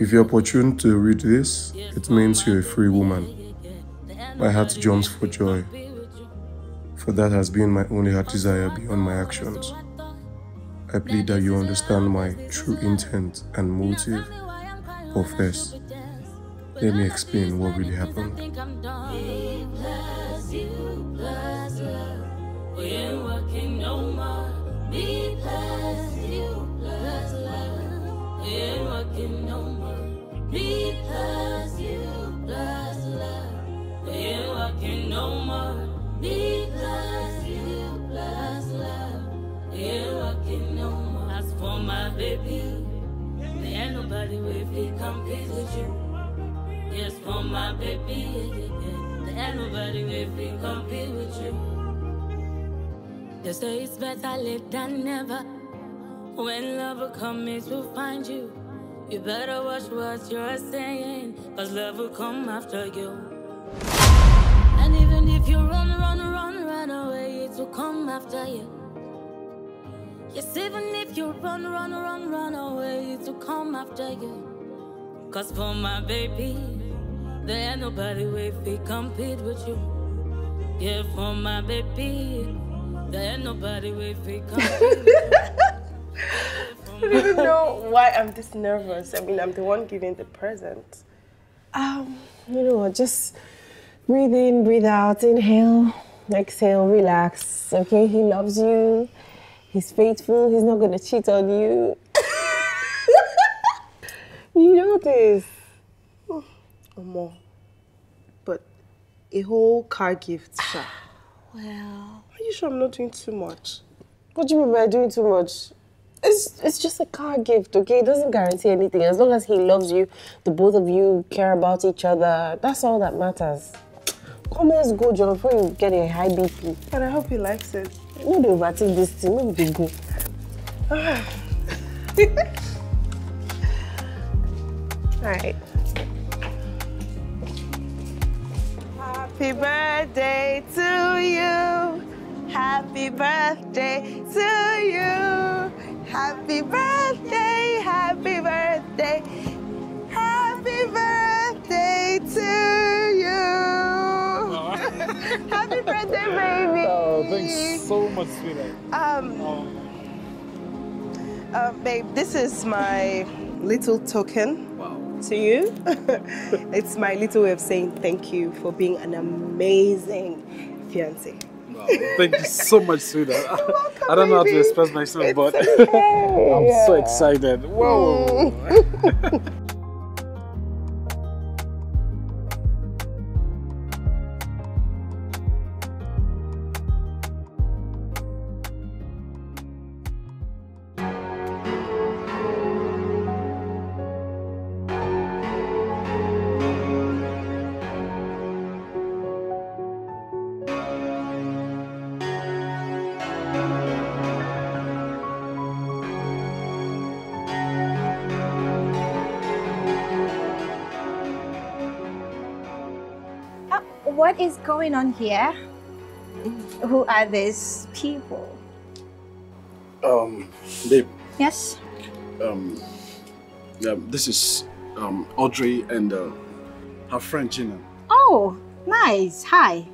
If you're opportune to read this, it means you're a free woman. My heart jumps for joy, for that has been my only heart desire beyond my actions. I plead that you understand my true intent and motive. But first, let me explain what really happened. No because you U plus love. You I can no more. B plus U plus love. You I can no more. As for my baby, there ain't nobody with me compete with you. Yes, for my baby, there ain't nobody with me compete with you. They say it's better late than never. When love will come, it will find you. You better watch what you're saying, cause love will come after you. And even if you run, run, run, run away, it will come after you. Yes, even if you run, run, run, run away, it will come after you. Cause for my baby, there ain't nobody with me compete with you. Yeah, for my baby, there ain't nobody with me compete with you. I don't even know why I'm this nervous. I mean, I'm the one giving the present. Um, you know what, just breathe in, breathe out, inhale, exhale, relax, okay? He loves you. He's faithful. He's not going to cheat on you. you know this. oh, more. But a whole car gift, sir. Well. Are you sure I'm not doing too much? What do you mean by doing too much? It's, it's just a car gift, okay? It doesn't guarantee anything. As long as he loves you, the both of you care about each other, that's all that matters. Come, let's go, John, before you get a high BP. And I hope he likes it. Maybe they overtake this thing. Maybe they go. all right. Happy birthday to you. Happy birthday to you. Happy birthday, happy birthday, happy birthday to you. Oh. happy birthday, baby. Oh, thanks so much, sweetheart. Um, oh. uh, babe, this is my little token to you. it's my little way of saying thank you for being an amazing fiance. Wow. Thank you so much, Suda. I don't know how to express myself, it's but okay. I'm yeah. so excited. Whoa. Mm. is going on here? Who are these people? Um, babe. Yes? Um, yeah, this is um, Audrey and uh, her friend Gina. Oh, nice. Hi.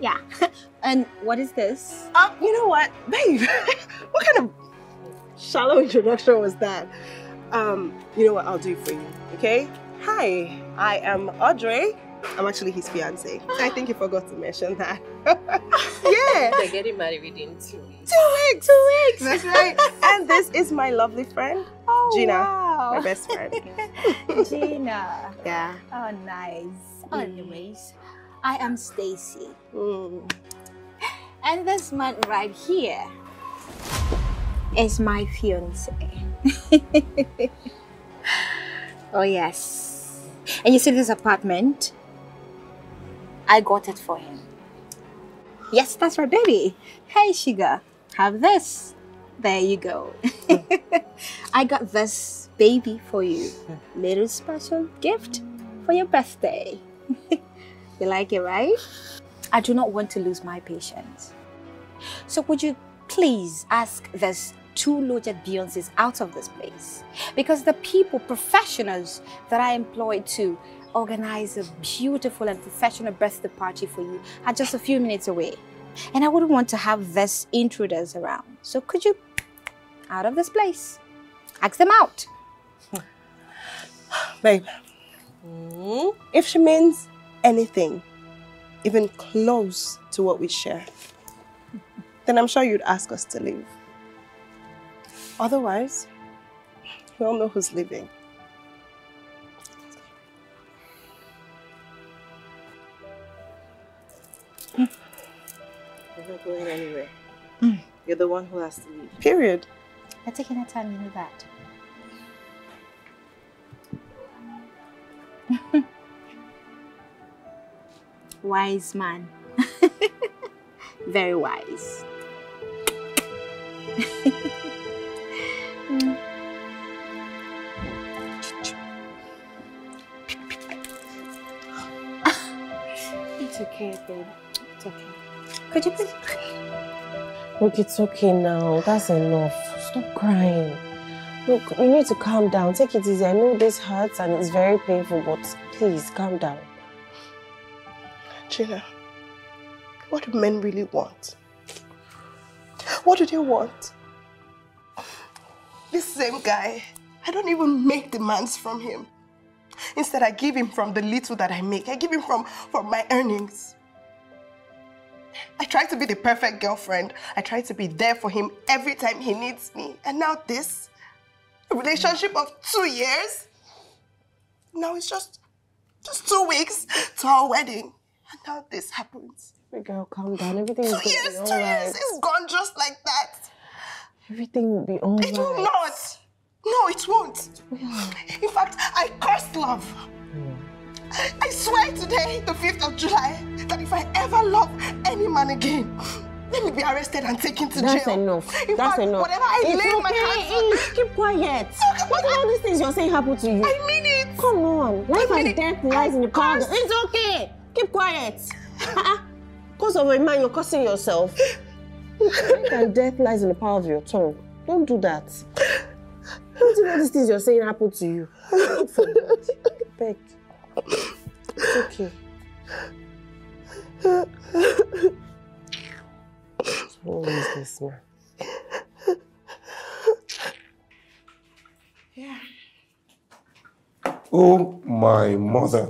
Yeah. and what is this? Um, you know what? Babe, what kind of shallow introduction was that? Um, you know what I'll do for you, okay? Hi, I am Audrey I'm actually his fiance. I think you forgot to mention that. yeah. They're getting married within two weeks. Two weeks. Two weeks. That's right. and this is my lovely friend, oh, Gina. Wow. My best friend. Gina. Yeah. Oh, nice. Mm. Anyways, I am Stacy. Mm. And this man right here is my fiance. oh yes. And you see this apartment? I got it for him. Yes, that's our baby. Hey, Shiga, have this. There you go. I got this baby for you. Little special gift for your birthday. you like it, right? I do not want to lose my patient. So would you please ask this two loaded Beyonces out of this place? Because the people, professionals that I employ to organize a beautiful and professional birthday party for you at just a few minutes away. And I wouldn't want to have these intruders around. So could you out of this place? Ask them out. Babe, mm. if she means anything, even close to what we share, then I'm sure you'd ask us to leave. Otherwise, we all know who's leaving. going anywhere. Mm. You're the one who has to leave. Period. You're taking your time, you know that. wise man. Very wise. it's okay, babe. It's okay. Could you please? Look, it's okay now. That's enough. Stop crying. Look, you need to calm down. Take it easy. I know this hurts and it's very painful, but please calm down. Gina, what do men really want? What do they want? This same guy, I don't even make demands from him. Instead, I give him from the little that I make. I give him from, from my earnings. I tried to be the perfect girlfriend. I tried to be there for him every time he needs me. And now this, a relationship of two years. Now it's just, just two weeks to our wedding. And now this happens. Hey girl, calm down. Everything two is years, all two 2 years. It's gone just like that. Everything will be all it It will not. No, it won't. It will. In fact, I curse love. I swear today, the 5th of July, that if I ever love any man again, let me be arrested and taken to That's jail. Enough. In That's fact, enough. Whatever I it's lay okay. my hands on. Keep quiet. what are all these things you're saying happen to you? I mean it. Come on. Life and death lies in the power. It's okay. Keep quiet. Because of a man, you're cursing yourself. Life and death lies in the power of your tongue. Don't do that. What do all these things you're saying happen to you. Beg. It's okay. Who is this man? Yeah. Oh my mother.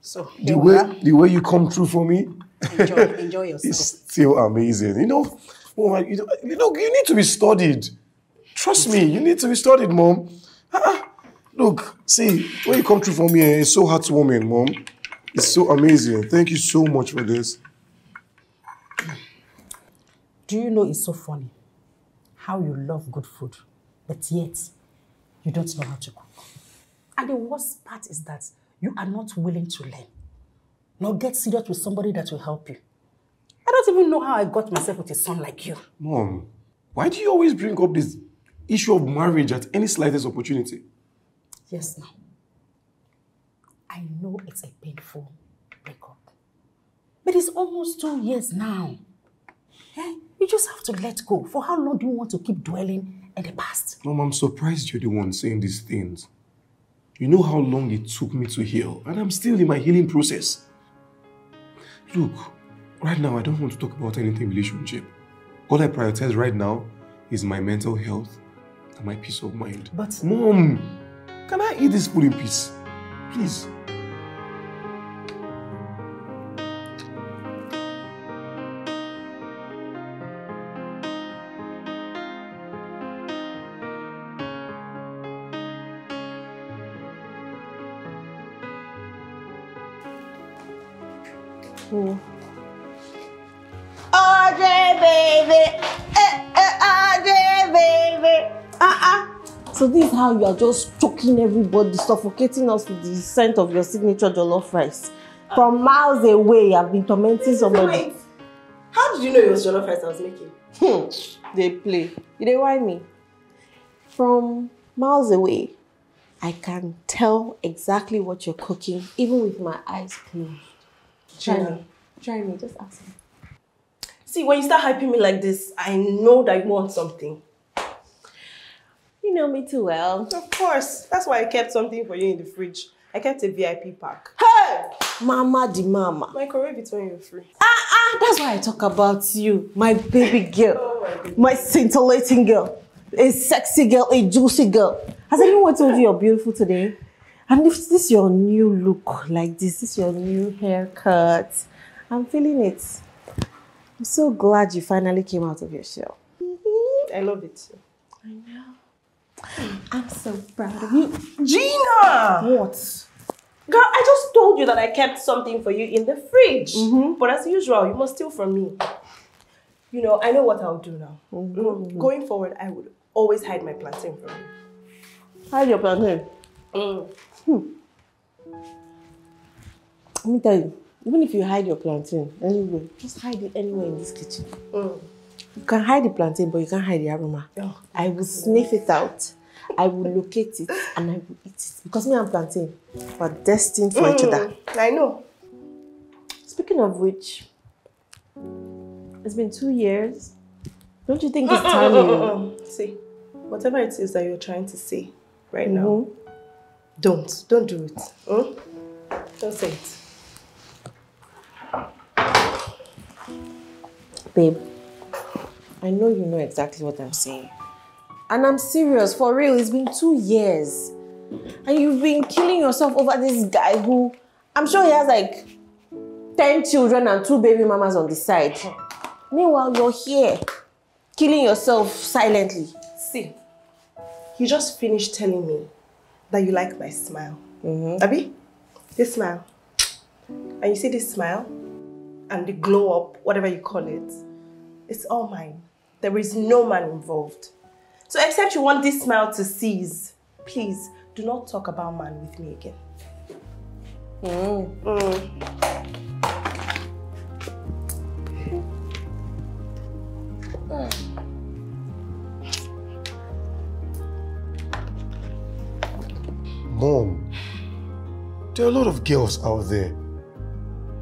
So the way the way you come through for me. Enjoy, enjoy yourself. It's still amazing. You know, oh my, you know, you need to be studied. Trust me, you need to be studied, mom. Ah, ah. Look, see, when you come through for me, eh, it's so heartwarming, Mom. It's so amazing. Thank you so much for this. Do you know it's so funny how you love good food, but yet you don't know how to cook? And the worst part is that you are not willing to learn, nor get serious with somebody that will help you. I don't even know how I got myself with a son like you. Mom, why do you always bring up this issue of marriage at any slightest opportunity? Yes, ma'am. I know it's a painful breakup. But it's almost two years now. Eh? You just have to let go. For how long do you want to keep dwelling in the past? Mom, I'm surprised you're the one saying these things. You know how long it took me to heal, and I'm still in my healing process. Look, right now I don't want to talk about anything relationship. All I prioritize right now is my mental health and my peace of mind. But... Mom! Can I eat this food in peace? Please. now you are just choking everybody, suffocating us with the scent of your signature jollof rice. From uh, miles away, I've been tormenting somebody. Wait, how did you know it was jollof rice I was making? Hmm, they play. You know why me? From miles away, I can tell exactly what you're cooking, even with my eyes closed. Try hmm. me. Try me, just ask me. See, when you start hyping me like this, I know that you want something. You know me too well. Of course. That's why I kept something for you in the fridge. I kept a VIP pack. Hey! Mama de mama. Microwave career when you're free. Ah, ah! That's why I talk about you. My baby girl. oh my, my scintillating girl. A sexy girl, a juicy girl. Has anyone told you you're beautiful today? And if this is your new look like this, this is your new haircut, I'm feeling it. I'm so glad you finally came out of your shell. I love it. I know. I'm so proud of you. Gina! What? Girl, I just told you that I kept something for you in the fridge. Mm -hmm. But as usual, you must steal from me. You know, I know what I'll do now. Oh, mm -hmm. Going forward, I would always hide my plantain from you. Hide your plantain? Mm. Hmm. Let me tell you, even if you hide your plantain anyway, just hide it anywhere in this kitchen. Mm. You can hide the plantain, but you can't hide the aroma. Oh. I will sniff it out. I will locate it and I will eat it. Because me and plantain are destined for mm, each other. Mm, I know. Speaking of which, it's been two years. Don't you think it's uh, uh, uh, time you... See, whatever it is that you're trying to say right mm -hmm. now, mm-hmm. don't. Don't do it. Hmm? Don't say it. Babe. I know you know exactly what I'm saying. And I'm serious, for real, it's been two years. And you've been killing yourself over this guy who, I'm sure he has like 10 children and two baby mamas on the side. Meanwhile, you're here, killing yourself silently. See, you just finished telling me that you like my smile. Mm -hmm. Abi, this smile. And you see this smile and the glow up, whatever you call it, it's all mine. There is no man involved. So except you want this smile to cease, please do not talk about man with me again. Mm. Mm. Mom, there are a lot of girls out there.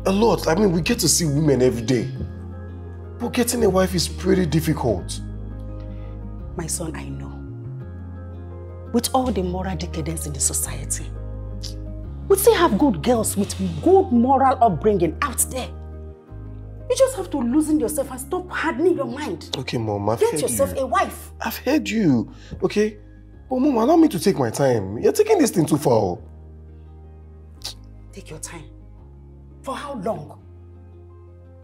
A lot. I mean, we get to see women every day. But getting a wife is pretty difficult. My son, I know. With all the moral decadence in the society, we still have good girls with good moral upbringing out there. You just have to loosen yourself and stop hardening your mind. Okay, Mom, I've Get heard yourself you. a wife. I've heard you, okay? But Mom, allow me to take my time. You're taking this thing too far. Take your time. For how long?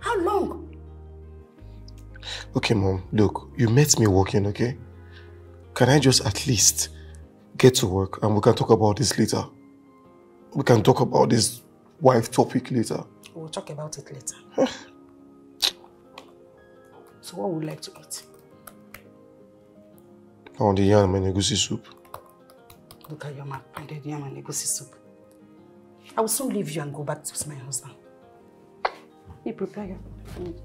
How long? Okay, mom, look, you met me working, okay? Can I just at least get to work and we can talk about this later? We can talk about this wife topic later. We'll talk about it later. so what would you like to eat? I want the yam and negusi soup. Look at your man, I did yam and negusi soup. I will soon leave you and go back to my husband. He prepare your food.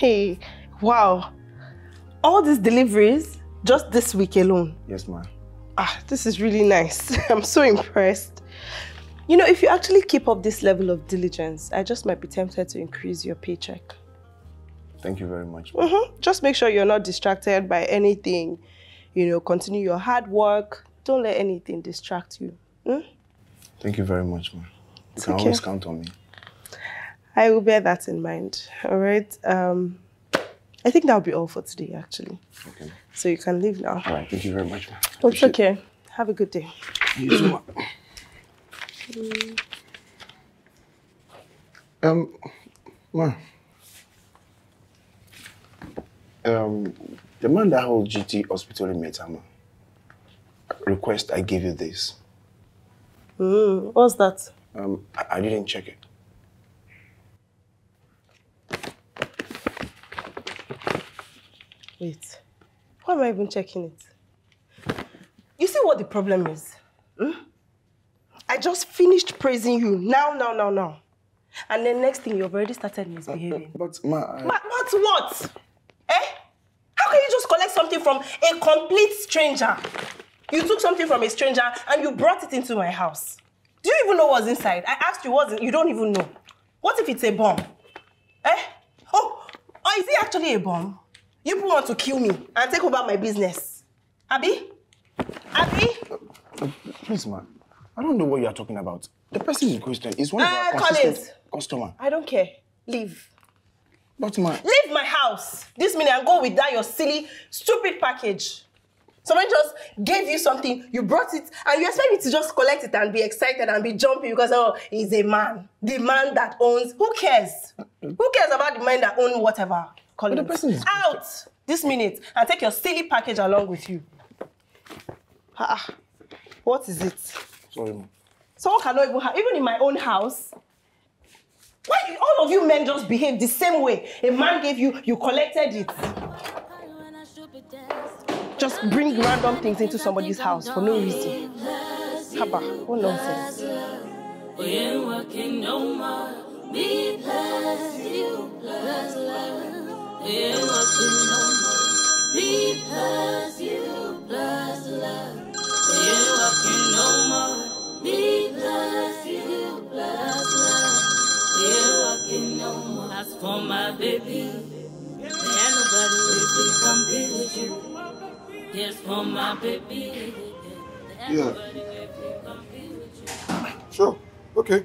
Hey, wow. All these deliveries just this week alone. Yes, ma'am. Ah, this is really nice. I'm so impressed. You know, if you actually keep up this level of diligence, I just might be tempted to increase your paycheck. Thank you very much. Mm -hmm. Just make sure you're not distracted by anything. You know, continue your hard work. Don't let anything distract you. Mm? Thank you very much, ma'am. You it's can okay. always count on me. I will bear that in mind. All right. Um, I think that'll be all for today, actually. Okay. So you can leave now. All right. Thank you very much. ma'am. It's okay. It. Have a good day. You too. um, ma. Um, the man that holds GT Hospital in Metama, request I give you this. Mm, what's that? Um, I, I didn't check it. Wait, why am I even checking it? You see what the problem is? Hmm? I just finished praising you now, now, now, now. And then next thing, you've already started misbehaving. But, ma... I... Ma, what, what? Eh? How can you just collect something from a complete stranger? You took something from a stranger and you brought it into my house. Do you even know what's inside? I asked you what's in, you don't even know. What if it's a bomb? Eh? Oh, or oh, is it actually a bomb? You people want to kill me and take over my business. Abby? Abby? Please, ma'am. I don't know what you are talking about. The person in question is one uh, of our Collins. customer. I don't care. Leave. But ma'am. Leave my house this minute and go with that your silly, stupid package. Someone just gave you something, you brought it, and you expect me to just collect it and be excited and be jumping because, oh, he's a man. The man that owns, who cares? Who cares about the man that owns whatever? Collins. out this minute and take your silly package along with you. Ah, what is it? Sorry, ma. Someone cannot even have, even in my own house. Why did all of you men just behave the same way? A man gave you, you collected it. Just bring random things into somebody's house for no reason. Haba, what nonsense. We ain't working no more. Me plus you plus love. We're walking no more because you plus love. We're walking no more because you plus love. We're walking no more. As for my baby, and nobody will be complete with you. Just for my baby. Yeah. Sure. Okay.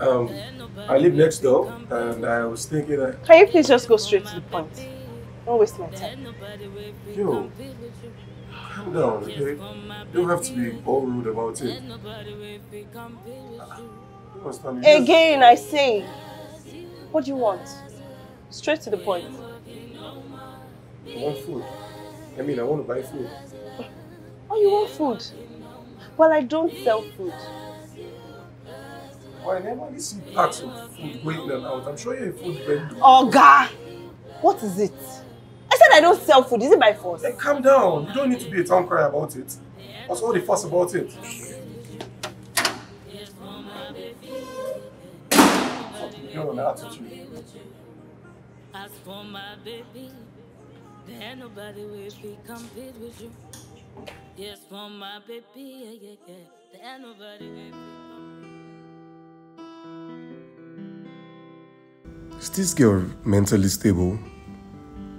Um, I live next door, and I was thinking that. Can you please just go straight to the point? Don't waste my time. Yo, calm down, okay? Don't have to be all rude about it. Again, I say, what do you want? Straight to the point. I want food. I mean, I want to buy food. Oh, you want food? Well, I don't sell food. Or I normally see packs of food going in and out. I'm sure you're a food vendor. Oh, God. What is it? I said I don't sell food. Is it by force? Then calm down. You don't need to be a town cry about it. What's all the fuss about it? You're an attitude. As for my baby, there nobody will be compete with you. Yes, for my baby, yeah, yeah, yeah. There nobody will be. Is this girl mentally stable?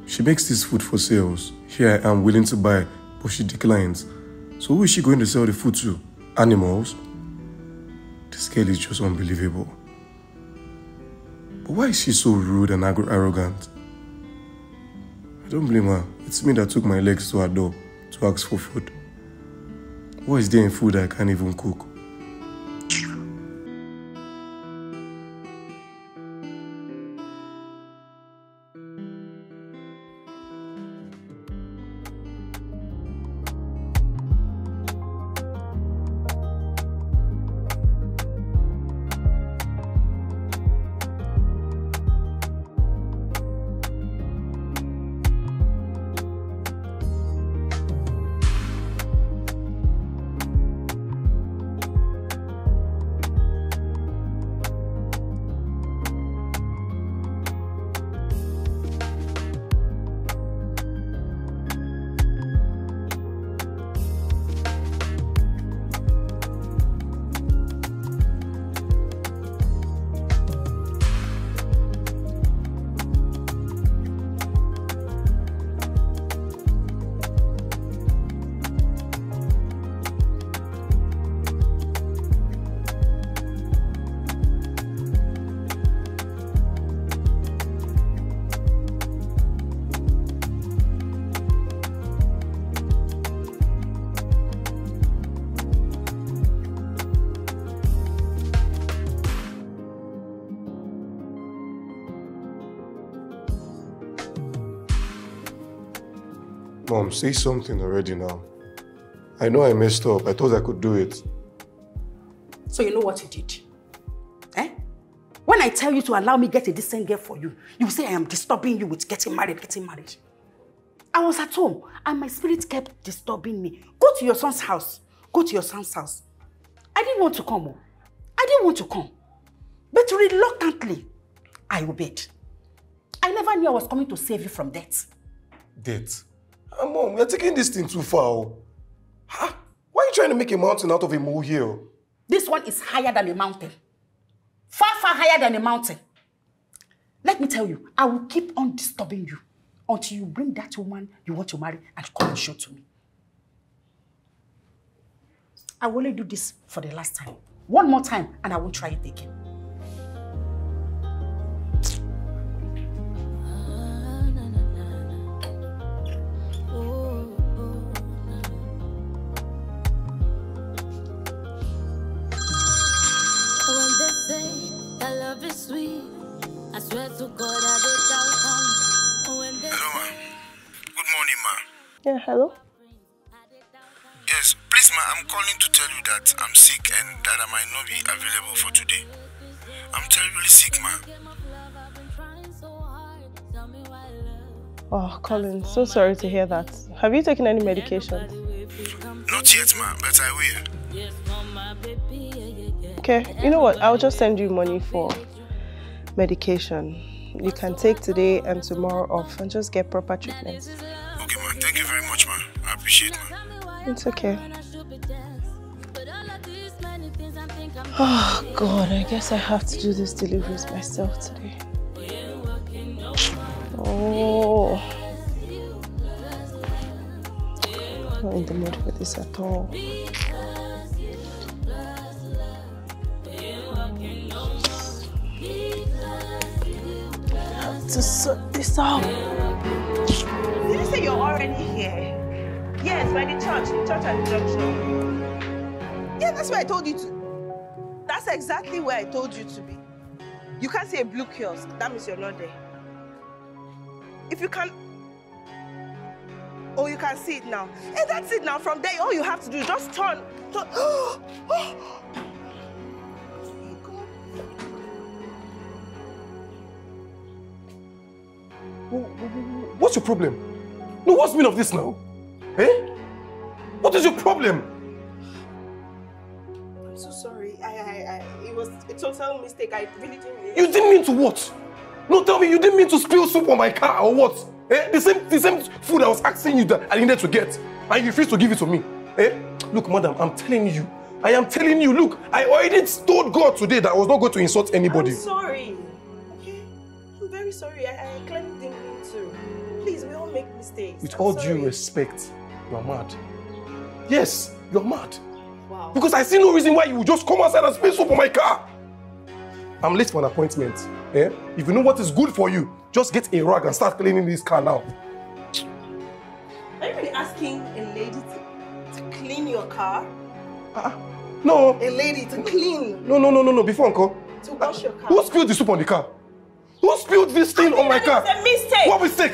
She makes this food for sales. Here I am willing to buy, but she declines. So who is she going to sell the food to? Animals? This girl is just unbelievable. But why is she so rude and arrogant? I don't blame her. It's me that took my legs to her door to ask for food. What is there in food I can't even cook? say something already now. I know I messed up. I thought I could do it. So you know what you did? Eh? When I tell you to allow me get a decent girl for you, you say I am disturbing you with getting married, getting married. I was at home and my spirit kept disturbing me. Go to your son's house. Go to your son's house. I didn't want to come. Oh. I didn't want to come. But reluctantly, I obeyed. I never knew I was coming to save you from death. Death? Ah, mom, you're taking this thing too far. Huh? Oh. Why are you trying to make a mountain out of a molehill? This one is higher than a mountain. Far, far higher than a mountain. Let me tell you, I will keep on disturbing you until you bring that woman you want to marry and come and show to me. I will only do this for the last time. One more time, and I won't try it again. Yeah, hello? Yes, please ma, I'm calling to tell you that I'm sick and that I might not be available for today. I'm terribly sick, ma. Oh, Colin, so sorry to hear that. Have you taken any medication? Not yet, ma, but I will. Okay, you know what? I'll just send you money for medication. You can take today and tomorrow off and just get proper treatment man. Thank you very much, man. I appreciate it, man. It's okay. Oh, God, I guess I have to do these deliveries myself today. Oh. Not in the mood for this at all. I have to sort this out say you're already here? Yes, by the church, the church at the junction. Yeah, that's where I told you to. That's exactly where I told you to be. You can't see a blue kiosk. That means you're not there. If you can... Oh, you can see it now. Hey, that's it now. From there, all you have to do is just turn. turn. Oh, what's your problem? No, what's meaning of this now? Eh? What is your problem? I'm so sorry. I, I, I, it was a total mistake. I really didn't mean You didn't mean to what? No, tell me, you didn't mean to spill soup on my car or what? Eh? The same, the same food I was asking you that I needed to get, and you refused to give it to me. Eh? Look, madam, I'm telling you. I am telling you, look, I already told God today that I was not going to insult anybody. I'm sorry. Okay? I'm very sorry. I, I clearly make mistakes. With I'm all sorry. due respect, you are mad. Yes, you are mad. Wow. Because I see no reason why you would just come outside and spill soup on my car. I'm late for an appointment. Eh? If you know what is good for you, just get a rag and start cleaning this car now. Are you really asking a lady to, to clean your car? Uh, no. A lady to clean? No, no, no, no, no. Before, Uncle. To wash uh, your car? Who spilled the soup on the car? Who spilled this thing I on my car? It's a mistake. What mistake?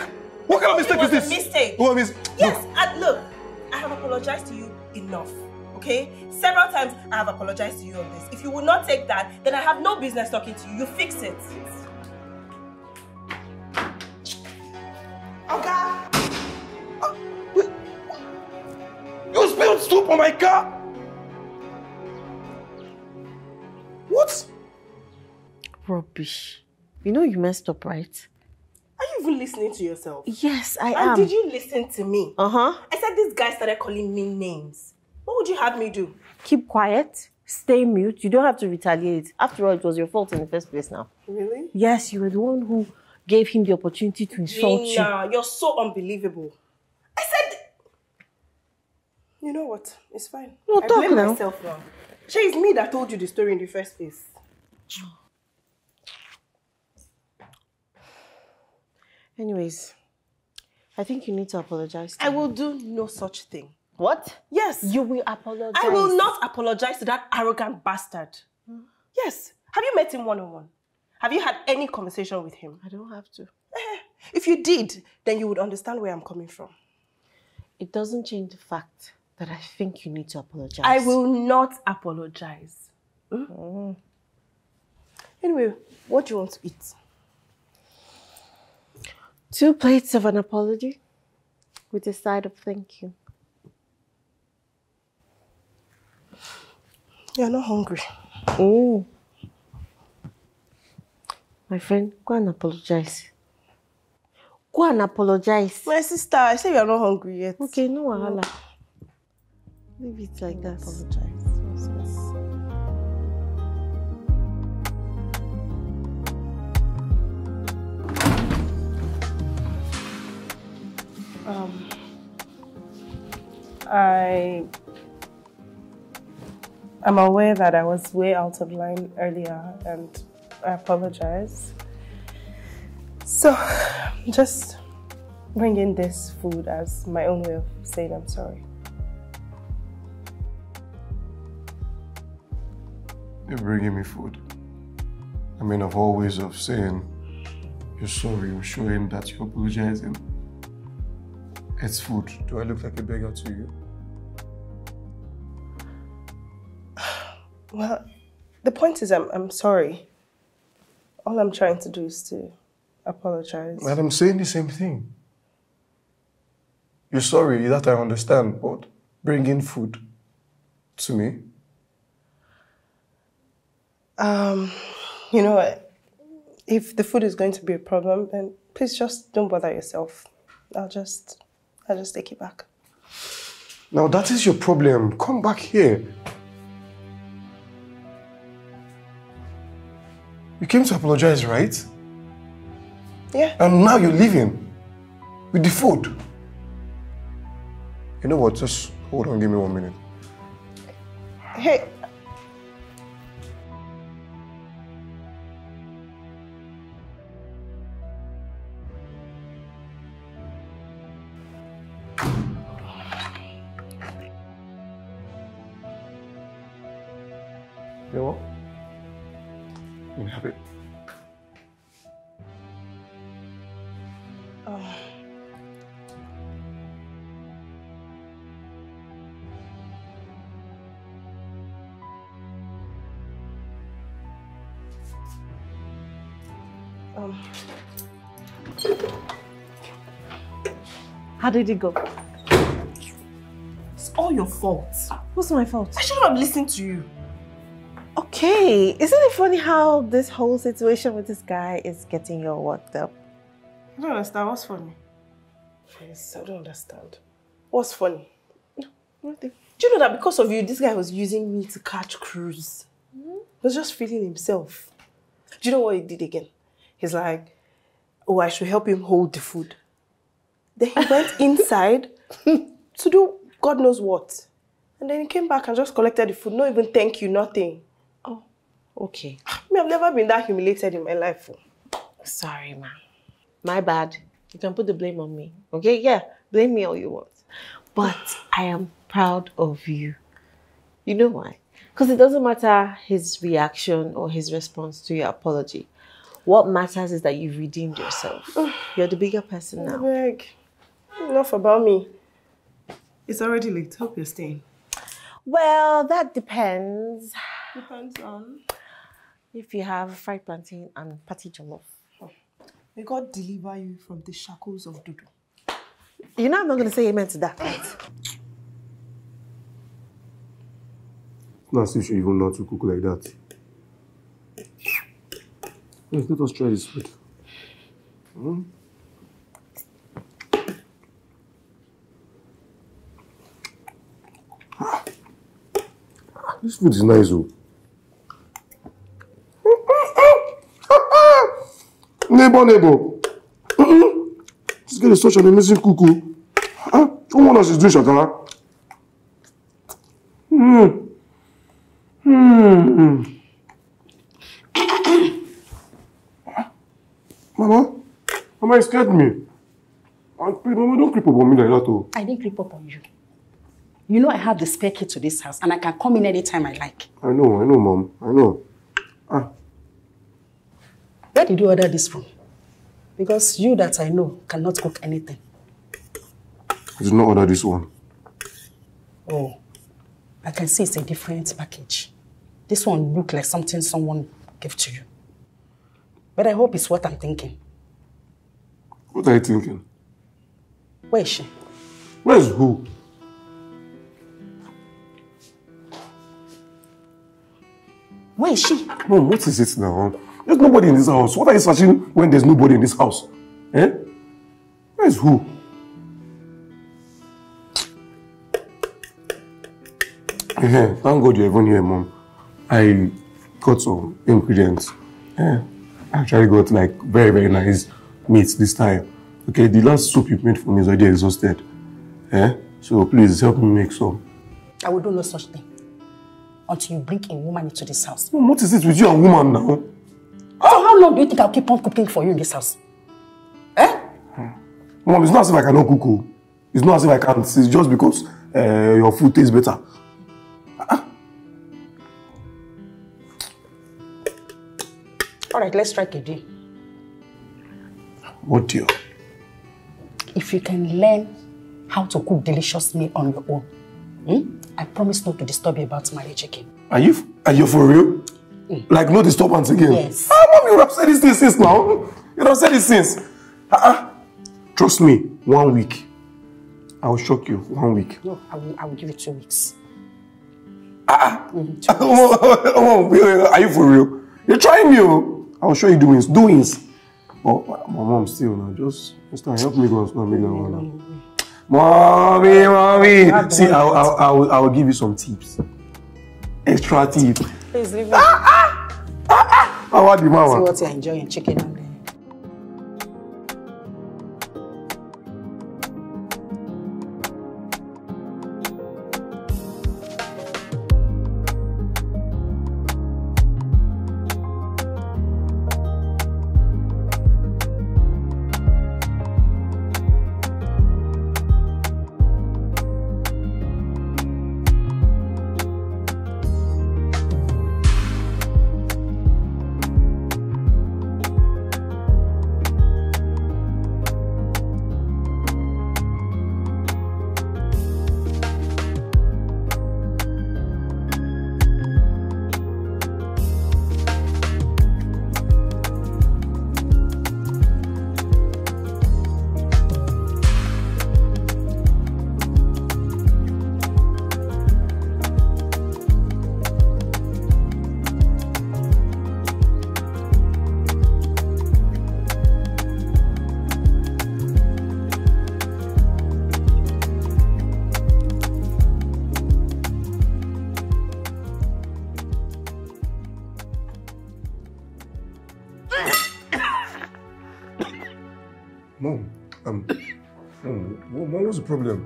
What kind of mistake is this? mistake. What is? Yes, and look, I have apologized to you enough. Okay? Several times I have apologized to you on this. If you will not take that, then I have no business talking to you. You fix it. Okay. Oh, you spilled soup on my car! What? Rubbish. You know you messed up, right? Are you even listening to yourself? Yes, I and am. Did you listen to me? Uh huh. I said this guy started calling me names. What would you have me do? Keep quiet. Stay mute. You don't have to retaliate. After all, it was your fault in the first place. Now. Really? Yes, you were the one who gave him the opportunity to insult Gina, you. You're so unbelievable. I said. You know what? It's fine. No, I talk blame now. myself is me that told you the story in the first place. Anyways, I think you need to apologize. To I me. will do no such thing. What? Yes. You will apologize. I will not apologize to that arrogant bastard. Hmm. Yes. Have you met him one on one? Have you had any conversation with him? I don't have to. Eh, if you did, then you would understand where I'm coming from. It doesn't change the fact that I think you need to apologize. I will not apologize. Mm? Mm. Anyway, what do you want to eat? Two plates of an apology with a side of thank you. You're not hungry. Oh. My friend, go and apologize. Go and apologize. My sister, I say you're not hungry yet. Okay, no wahala. No. Leave it like that. Apologize. Um, I I'm aware that I was way out of line earlier, and I apologize. So, just bringing this food as my own way of saying I'm sorry. You're bringing me food. I mean, of all ways of saying you're sorry, you're showing that you're apologizing. It's food. Do I look like a beggar to you? Well, the point is I'm, I'm sorry. All I'm trying to do is to apologize. Well, I'm saying the same thing. You're sorry, that I understand, but bringing food to me? Um, you know, if the food is going to be a problem, then please just don't bother yourself. I'll just I'll just take it back. Now that is your problem. Come back here. You came to apologize, right? Yeah. And now you're leaving with the food. You know what? Just hold on, give me one minute. Hey, How did it go? It's all your fault. What's my fault? I shouldn't have listened to you. Okay, isn't it funny how this whole situation with this guy is getting you all worked up? I don't understand. What's funny? Yes, I don't understand. What's funny? No, nothing. Do you know that because of you, this guy was using me to catch cruise? Mm -hmm. He was just feeling himself. Do you know what he did again? He's like, oh, I should help him hold the food. Then he went inside to do God knows what. And then he came back and just collected the food. No even thank you, nothing. Oh, okay. I mean, I've never been that humiliated in my life. Oh. Sorry, ma. My bad. You can put the blame on me. Okay, yeah. Blame me all you want. But I am proud of you. You know why? Because it doesn't matter his reaction or his response to your apology. What matters is that you've redeemed yourself. You're the bigger person oh, now. Enough about me. It's already late. Hope you're staying. Well, that depends. Depends on? If you have fried plantain and patty jollof. May God deliver you from the shackles of Dudu. You know I'm not going to say amen to that, right? Not you even know to cook like that. let us try this food. Hmm? This food is nice oh. neighbor neighbor this girl is such an amazing cook o. Who wonder she's doing shatara? Hmm. Hmm. Mama, Mama, you scared me. And please, Mama, don't creep up on me like that. Oh. I didn't creep up on you. You know I have the spare key to this house and I can come in anytime I like. I know, I know, Mom. I know. Ah. Where did you order this from? Because you that I know cannot cook anything. I did not order this one. Oh. I can see it's a different package. This one looks like something someone gave to you. But I hope it's what I'm thinking. What are you thinking? Where is she? Where's who? Where is she? Mom, what is it now? There's nobody in this house. What are you searching when there's nobody in this house? Eh? Where's who? Yeah, thank God you're even here, Mom. I got some ingredients. Eh, I actually got like very, very nice meat this time. Okay, the last soup you made for me is already exhausted. Eh, So please help me make some. I will do no such thing until you bring a woman into this house. what is it with you and woman now? So how long do you think I'll keep on cooking for you in this house? Eh? Hmm. Mom, it's not as if I cannot cook. Oh. It's not as if I can't. It's just because uh, your food tastes better. Uh-huh. All right, let's strike a deal. What deal? If you can learn how to cook delicious meal on your own, hmm? I promise not to disturb you about marriage again. Are you, are you for real? Mm. Like no disturbance again? Yes. Ah, mom, you have said this since now. You have said this since. Uh -uh. Trust me, one week. I will shock you, one week. No, I will, I will give you two weeks. Ah, uh -uh. oh, are you for real? You're trying me. Oh. I will show you doings, doings. But oh, my mom still now, just, just help me go and make that Mommy, mommy. See, I, I, I, will, I will give you some tips. Extra tip. Please leave me. Ah, ah, ah, ah. How are the mama? See what you're enjoying, chicken. problem.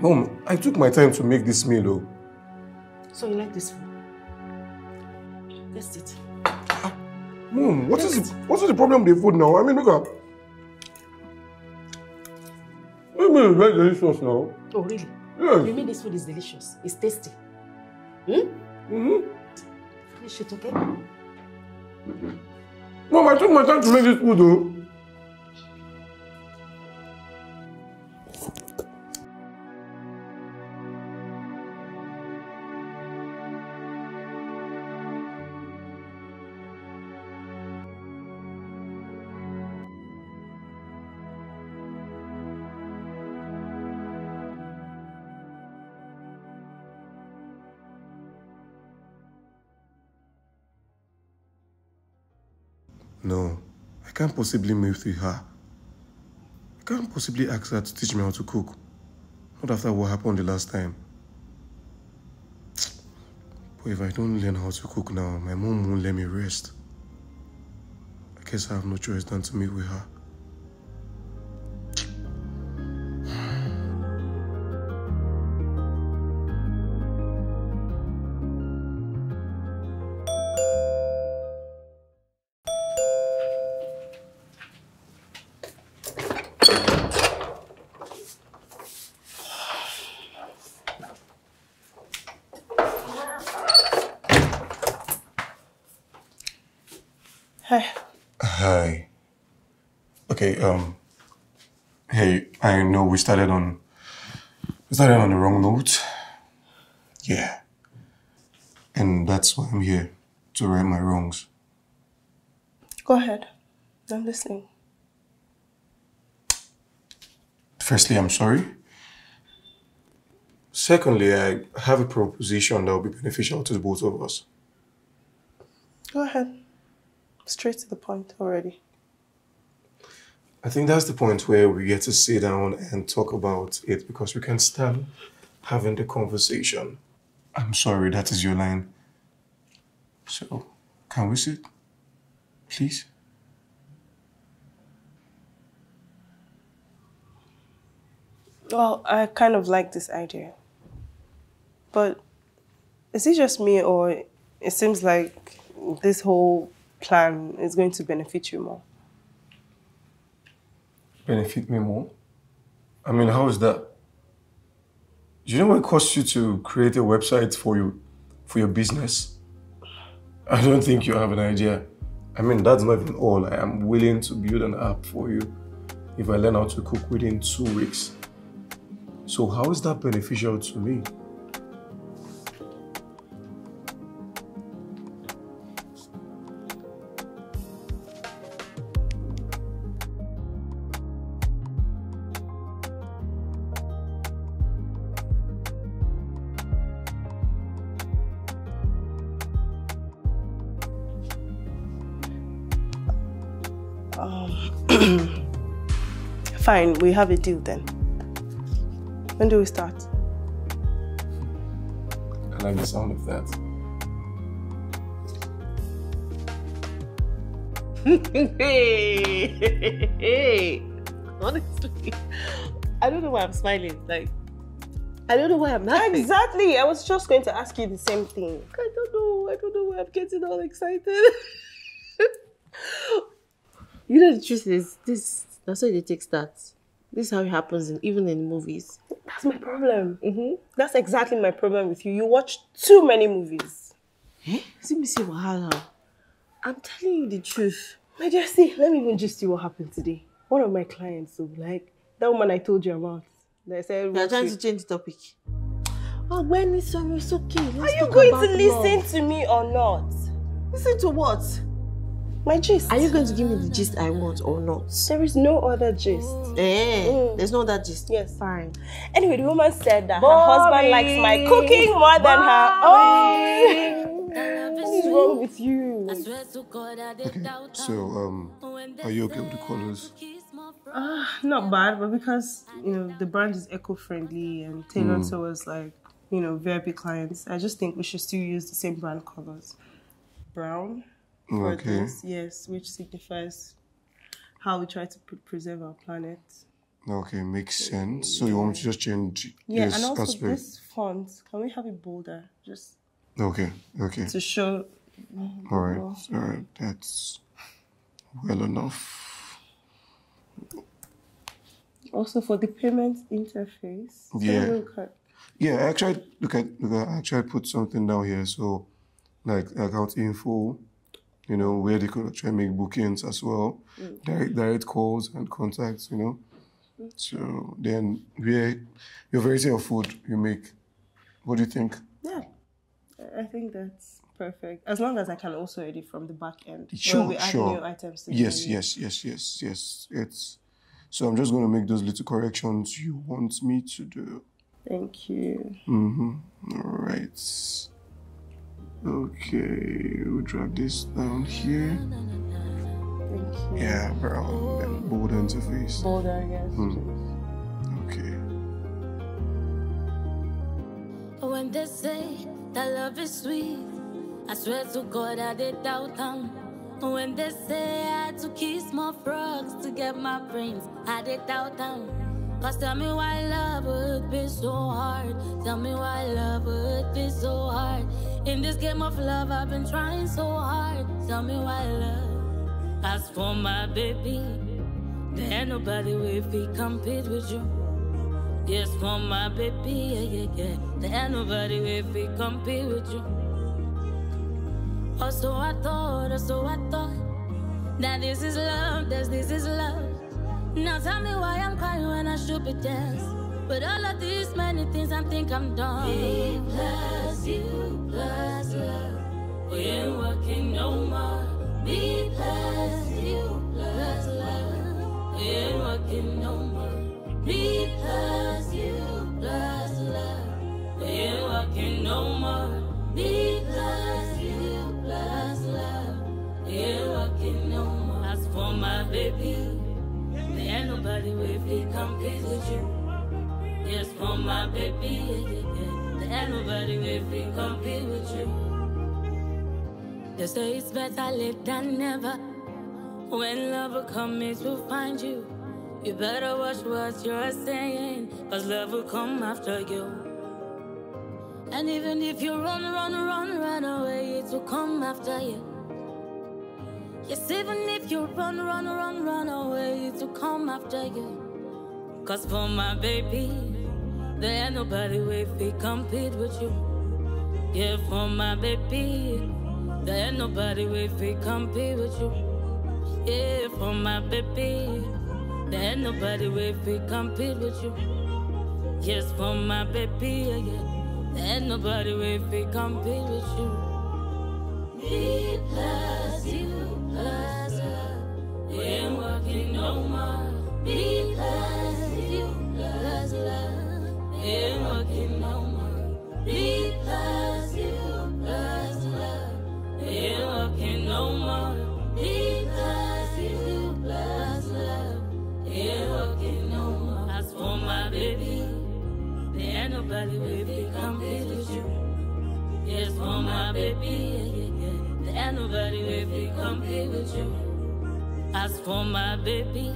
Mom, I took my time to make this meal though. So you like this food? Taste it. Ah, mom, what is, it. what is the problem with the food now? I mean, look at... I mean, it's very delicious now. Oh, really? Yes. You mean this food is delicious? It's tasty? Hmm? Mm-hmm. Finish it, okay? Mom, I took my time to make this food though. can't possibly move with her. I can't possibly ask her to teach me how to cook. Not after what happened the last time. But if I don't learn how to cook now, my mom won't let me rest. I guess I have no choice than to meet with her. Hi. Hi. Okay, um, hey, I know we started on, we started on the wrong note. Yeah. And that's why I'm here, to right my wrongs. Go ahead. I'm listening. Firstly, I'm sorry. Secondly, I have a proposition that will be beneficial to both of us. Go ahead straight to the point already. I think that's the point where we get to sit down and talk about it because we can start having the conversation. I'm sorry, that is your line. So, can we sit? Please? Well, I kind of like this idea. But is it just me or it seems like this whole plan is going to benefit you more? Benefit me more? I mean, how is that? Do you know what it costs you to create a website for you, for your business? I don't think you have an idea. I mean, that's not even all. I am willing to build an app for you if I learn how to cook within two weeks. So how is that beneficial to me? Fine, we have a deal then. When do we start? I like the sound of that. hey, hey, Honestly, I don't know why I'm smiling. Like, I don't know why I'm laughing. Exactly. I was just going to ask you the same thing. I don't know. I don't know why I'm getting all excited. you know, the truth is, this that's why they take stats. This is how it happens, in, even in movies. That's my problem. Mm-hmm. That's exactly my problem with you. You watch too many movies. Eh? See me say wahala. I'm telling you the truth. My dear, see, let me even just see what happened today. One of my clients, so oh, like, that woman I told you about. They said, They're trying to change the topic. Oh, when it's, it's okay. Let's Are you going to listen love. to me or not? Listen to what? My gist. Are you going to give me the gist I want or not? There is no other gist. Eh, mm. there's no other gist. Yes. Fine. Anyway, the woman said that her husband likes my cooking more than her own. What is wrong with you? Okay. So, um, are you okay with the colors? Uh, ah, not bad, but because you know the brand is eco-friendly and Taylor mm. was like you know VIP clients, I just think we should still use the same brand colors. Brown, for okay. this, yes, which signifies how we try to preserve our planet. Okay, makes sense. So you want to just change yeah, this and also aspect. this font. Can we have it bolder? Just okay, okay. To show. All right, all right. That's well enough. Also for the payment interface. Yeah. Yeah, actually, look at look at. Actually, put something down here. So, like account info you know, where they could actually make bookings as well, mm. direct, direct calls and contacts, you know. Mm. So then where your variety of food you make, what do you think? Yeah, I think that's perfect. As long as I can also edit from the back end. Sure, we add sure. new items to Yes, yes, yes, yes, yes. It's so I'm just going to make those little corrections you want me to do. Thank you. Mm-hmm. All right. Okay, we'll drop this down here. Yeah, bro. and bolder interface. Bolder, yes. Hmm. Okay. When they say that love is sweet, I swear to God I did doubt them. When they say I had to kiss more frogs to get my brains, I did doubt them. Cause tell me why love would be so hard. Tell me why love would be so hard. In this game of love, I've been trying so hard. Tell me why love. As for my baby, there ain't nobody with me compete with you. Yes, for my baby, yeah, yeah, yeah. There ain't nobody with me compete with you. Oh, so I thought, oh, so I thought that this is love, that this is love. Now tell me why I'm crying when I should be dancing. But all of these many things I think I'm done. B plus you blessed, love. We ain't working no more. Be blessed, you blessed, love. ain't working no more. Be blessed, you blessed, love. ain't working no more. Be blessed, you blessed, love. ain't working no more. As for my baby, there ain't nobody with me compete with you. Yes, for my baby. Everybody will nobody that compete with you. They say it's better late than never. When love comes, it will find you. You better watch what you're saying, cause love will come after you. And even if you run, run, run, run away, it will come after you. Yes, even if you run, run, run, run away, it will come after you. Cause for my baby, there ain't nobody way fi compete with you. Yeah, for my baby. There ain't nobody way fi compete with you. Yeah, for my baby. There ain't nobody way fi compete with you. Yes, for my baby. Yeah, yeah. There ain't nobody way fi compete with you. Me plus you plus her. We ain't working no more. Me in working no more. Be you plus love. In working no more. Be you plus love. In working no more. As for my baby, there ain't nobody will be complete with you. Yes, for my baby, yeah, yeah, yeah. there ain't nobody will be with you. As for my baby,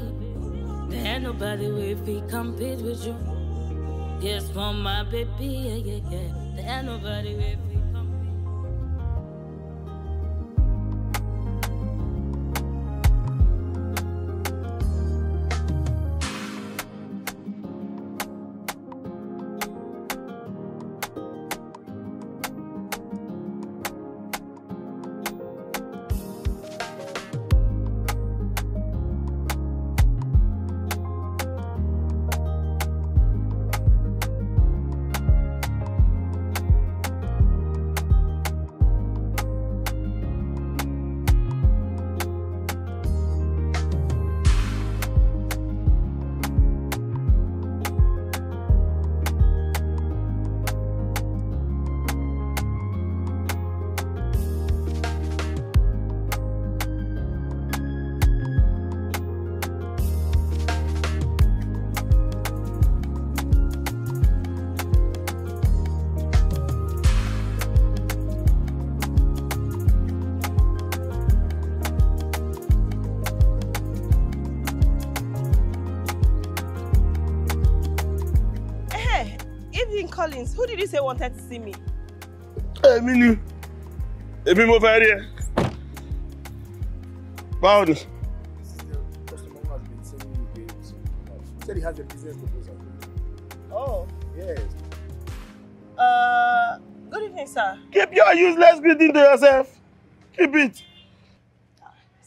there ain't nobody will be with you. Yes, for my baby, yeah, yeah, yeah. There ain't nobody with me. you say wanted to see me? Èmi ni. Èmi mo fẹ́ rí ẹ. Báwo ni? Oh. Yes. Uh, good evening, sir. Keep your useless greeting to yourself. Keep it.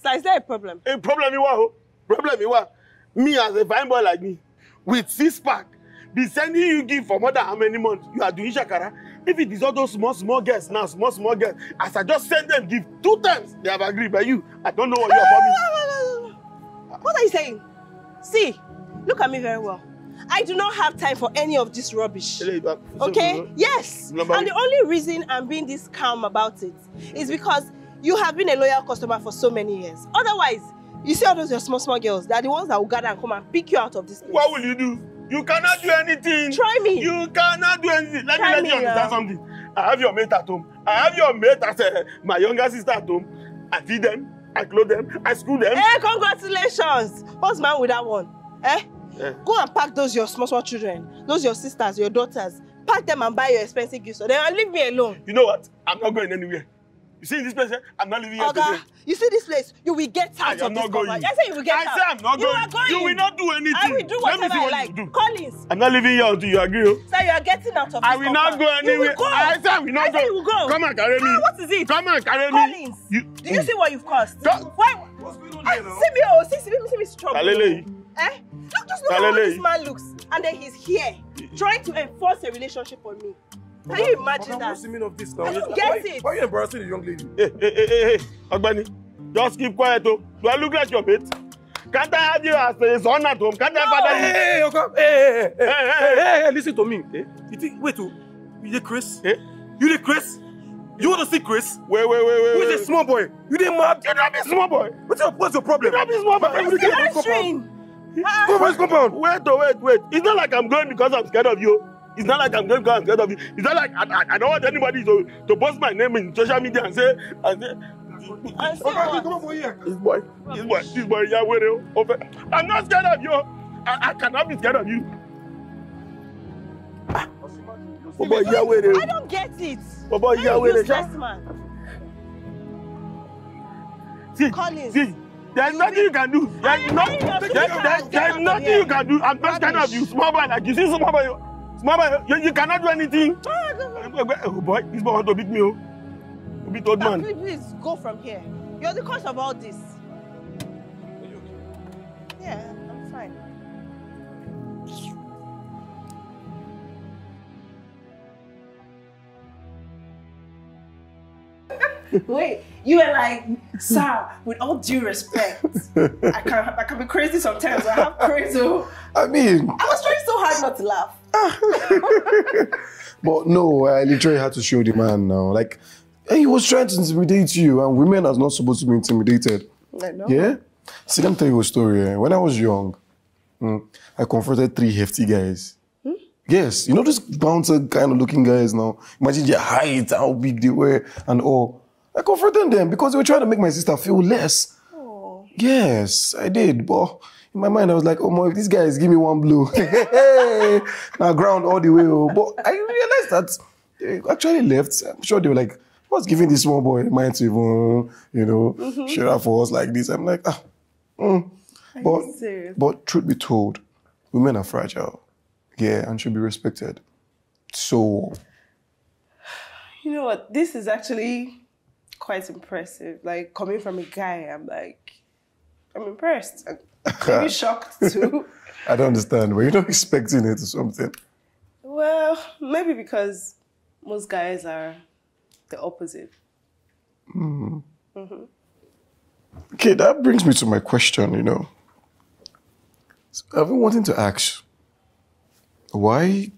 Sir, is there a problem? A problem, you want? Problem, you want? Me as a fine boy like me, with this pack, be sending you gift for more than how many months you are doing shakara if it is all those small small girls now small small girls as i just send them gift two times they have agreed by you i don't know what you are forming. what are you saying see look at me very well I do not have time for any of this rubbish. Uh, okay? Uh, yes. and the only reason I'm being this calm about it is because you have been a loyal customer for so many years. Otherwise, you see all those your small, small girls, They are the ones that will gather and come and pick you out of this place. What will you do? You cannot do anything. Try me. You cannot do anything. Let Try me let me, you understand yeah. Uh, something. I have your mate at home. I have your mate as uh, my younger sister at home. I feed them. I clothe them. I school them. Hey, eh, congratulations. What's man with that one? Eh? Yeah. Go and pack those your small small children, those your sisters, your daughters. Pack them and buy your expensive gifts. So then leave me alone. You know what? I'm not going anywhere. You see this place? I'm not leaving Oga, here today. You see this place? You will get out I of this going. I say you will get I out. I say I'm not you going. going. You will not do anything. I will do whatever Let me see what I like. You Collins. I'm not leaving here until you agree. Sir, oh? so you are getting out of I this I will compound. not go anywhere. You will go. I say I will not I go. Say you will go. Come and carry me. Ah, what is it? Come and carry Collins. me. Collins. You, do you see what you've caused? Go. Why? What's going on ah, here now? See me, oh, see, see me, see me, trouble. Talele. Eh? Look, just look how this man looks. And then he's here, trying to enforce a relationship on me. Can you imagine that? What's the meaning of this now? I don't get why, it. Why are you embarrassing the young lady? Hey, hey, hey, hey, hey, Agbani, just keep quiet, oh. Do I look like your mate? Can't I have you as a son at home? Can't no. I have you? Hey, hey, okay. hey, hey, hey, hey, hey, hey, hey, listen to me. Hey? You think, wait, oh. You the Chris? Hey? You the Chris? You want to see Chris? Wait, wait, wait, wait. Who's a small boy? You didn't mad? You are not a small boy. What's your, what's your problem? You are not a small boy. Where's the compound? Where's compound? Wait, oh, wait, wait. It's not like I'm going because I'm scared of you. It's not like I'm going to go and get off it. It's not like I, I, I don't want anybody to, to post my name in social media and say, and say I say This boy, this boy, this boy, yeah, where over. I'm not scared of you. I, I cannot be scared of you. Ah. Oh boy, yeah, where I don't get it. Oh boy, yeah, where useless man. See, Collins. see, there's nothing you can do. There's, no, there, there, there's nothing you can do. I'm not scared of you, small boy like you. See, small boy. Mama, you, you cannot do anything. Ah, oh, oh, boy, this boy want to beat me. Oh. Beat old man. Please, please go from here. You're the cause of all this. Are you okay? Yeah, I'm fine. Wait, you were like, sir, with all due respect, I can I can be crazy sometimes. I have crazy. Oh. I mean, I'm hard not to laugh. but no, I uh, literally had to show the man now. Like, he was trying to intimidate you, and women are not supposed to be intimidated. I know. Yeah? See, let me tell you a story. Eh? When I was young, mm, I confronted three hefty guys. Hmm? Yes, you know those bouncer kind of looking guys now. Imagine their height, how big they were, and all. I confronted them because they were trying to make my sister feel less. Oh. Yes, I did. But in my mind, I was like, oh, my, if these guys give me one blow, now ground all the way. Oh. But I realized that they actually left. I'm sure they were like, what's giving this small boy mind to even, you know, mm-hmm. share out for us like this? I'm like, ah. Mm. But, but truth be told, women are fragile. Yeah, and should be respected. So. You know what? This is actually quite impressive. Like, coming from a guy, I'm like, I'm impressed. Are you shocked too? I don't understand. Were you not expecting it or something? Well, maybe because most guys are the opposite. Mm. Mm -hmm. Mm-hmm. Okay, that brings me to my question, you know. So I've been wanting to ask why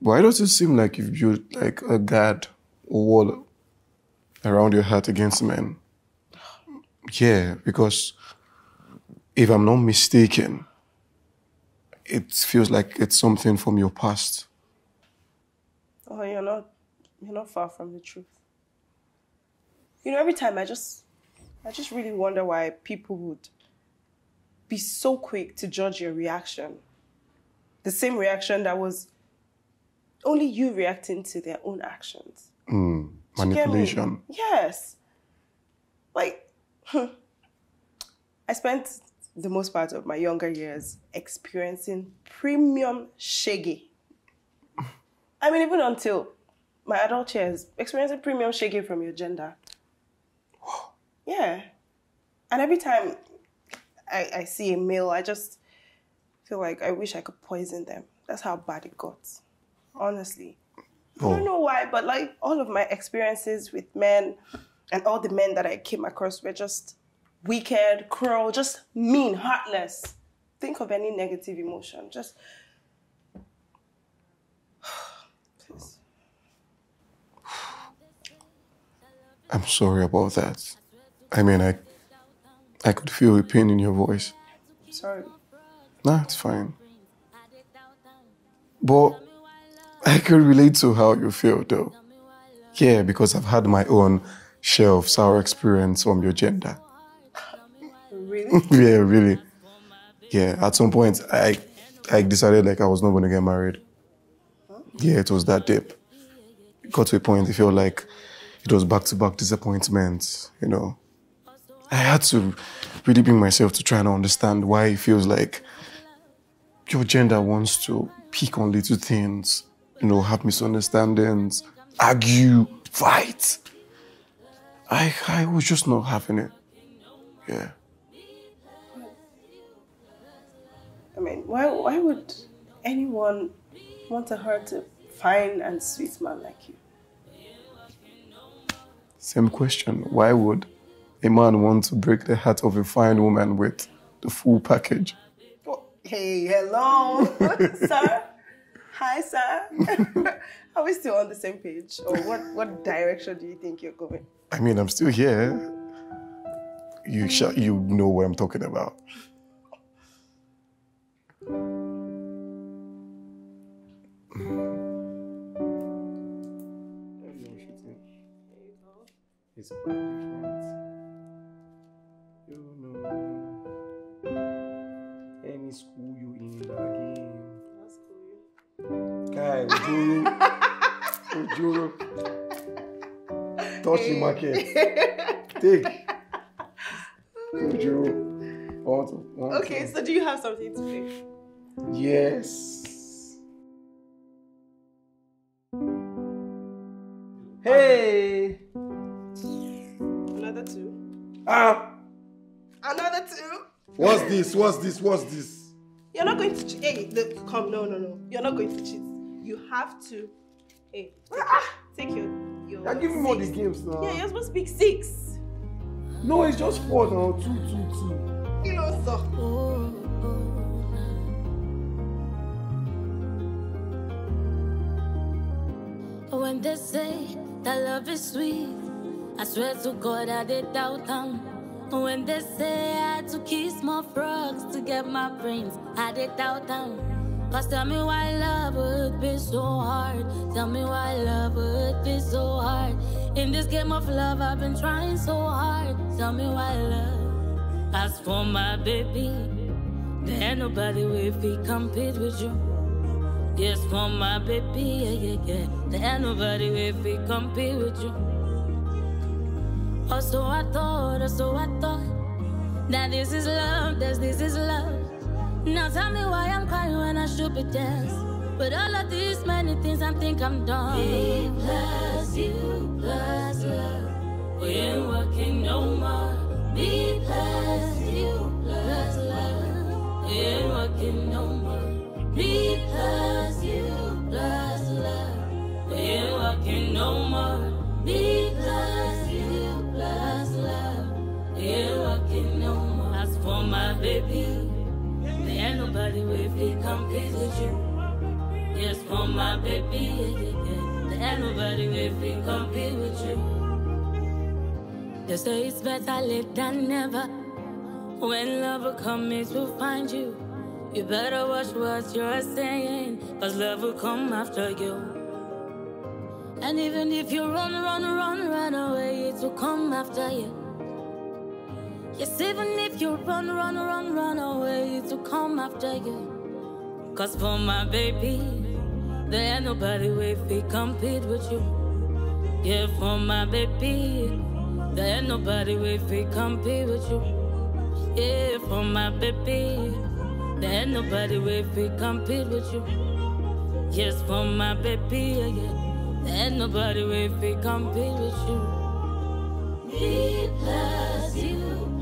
why does it seem like you've built like a guard or wall around your heart against men? Yeah, because if I'm not mistaken, it feels like it's something from your past. Oh, you're not you're not far from the truth. You know, every time I just I just really wonder why people would be so quick to judge your reaction. The same reaction that was only you reacting to their own actions. Mm, manipulation. Yes. Like I spent the most part of my younger years experiencing premium shaggy. I mean, even until my adult years, experiencing premium shaggy from your gender. Yeah. And every time I, I see a male, I just feel like I wish I could poison them. That's how bad it got. Honestly. Oh. I don't oh. know why, but like all of my experiences with men and all the men that I came across were just wicked, cruel, just mean, heartless. Think of any negative emotion. Just. Please. I'm sorry about that. I mean, I, I could feel the pain in your voice. Sorry. No, it's fine. But I could relate to how you feel, though. Yeah, because I've had my own share of sour experience from your gender. yeah, really. Yeah, at some point, I, I decided like I was not going to get married. Yeah, it was that deep. It got to a point, it felt like it was back to back disappointments, you know. I had to really bring myself to try and understand why it feels like your gender wants to pick on little things, you know, have misunderstandings, argue, fight. I, I was just not having it. Yeah. I mean, why, why would anyone want a heart of fine and sweet man like you? Same question. Why would a man want to break the heart of a fine woman with the full package? Oh, hey, hello, sir. Hi, sir. Are we still on the same page? Or what, what direction do you think you're going? I mean, I'm still here. You, shall, you know what I'm talking about. It's quite different. You know. Any school you in the game. I'll school you. Kai, Ojoro. Ojoro. Touch the market. Take. Ojoro. Want to, okay, so do you have something to play? Yes. Hey! Ah! Another two? What's this? What's this? What's this? You're not going to cheat. Hey, the, come, no, no, no. You're not going to cheat. You have to. Hey, take ah. your. your They're me all the games now. Yeah, you're supposed to pick six. No, it's just four now. Two, two, two. You know, sir. Oh. When they say that love is sweet I swear to God I did doubt them. When they say I had to kiss more frogs to get my brains, I did doubt them. Cause tell me why love would be so hard. Tell me why love would be so hard. In this game of love, I've been trying so hard. Tell me why love. As for my baby, there ain't nobody with me compete with you. Yes, for my baby, yeah, yeah, yeah. There ain't nobody with me compete with you. Oh, so I thought, oh, so I thought that this is love, that this is love. Now tell me why I'm crying when I should be dancing. But all of these many things, I think I'm done. Me plus you plus love, we ain't working no more. Me plus you plus love, we ain't working no more. Me plus you plus love, we ain't working no more. Me my baby. There ain't nobody with it compete with you. Yes, for my baby. There ain't nobody with it compete with you. They say it's better late than never. When love comes, it will find you. You better watch what you're saying, cause love will come after you. And even if you run, run, run, run away, it will come after you. Yes, even if you run, run, run, run away to come after you. Cause for my baby, there ain't nobody with me compete with you. Yeah, for my baby, there ain't nobody with me compete with you. Yeah, for my baby, there ain't nobody with me compete with you. Yes, for my baby, yeah, yeah. there ain't nobody with me compete with you. Me plus you.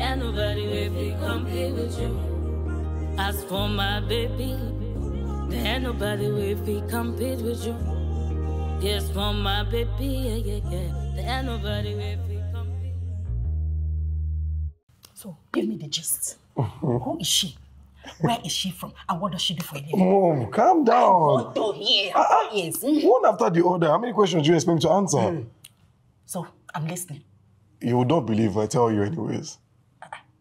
And nobody will be complete with you. As for my baby, then nobody will be compete with you. Yes, for my baby, yeah, yeah, yeah. ain't nobody will be complete. So, give me the gist. Mm-hmm. Who is she? Where is she from? And what does she do for a living? Mom, calm down. To hear uh, ah, yes. Ah. One after the other. How many questions do you expect me to answer? Mm. So, I'm listening. You would not believe I tell you anyways.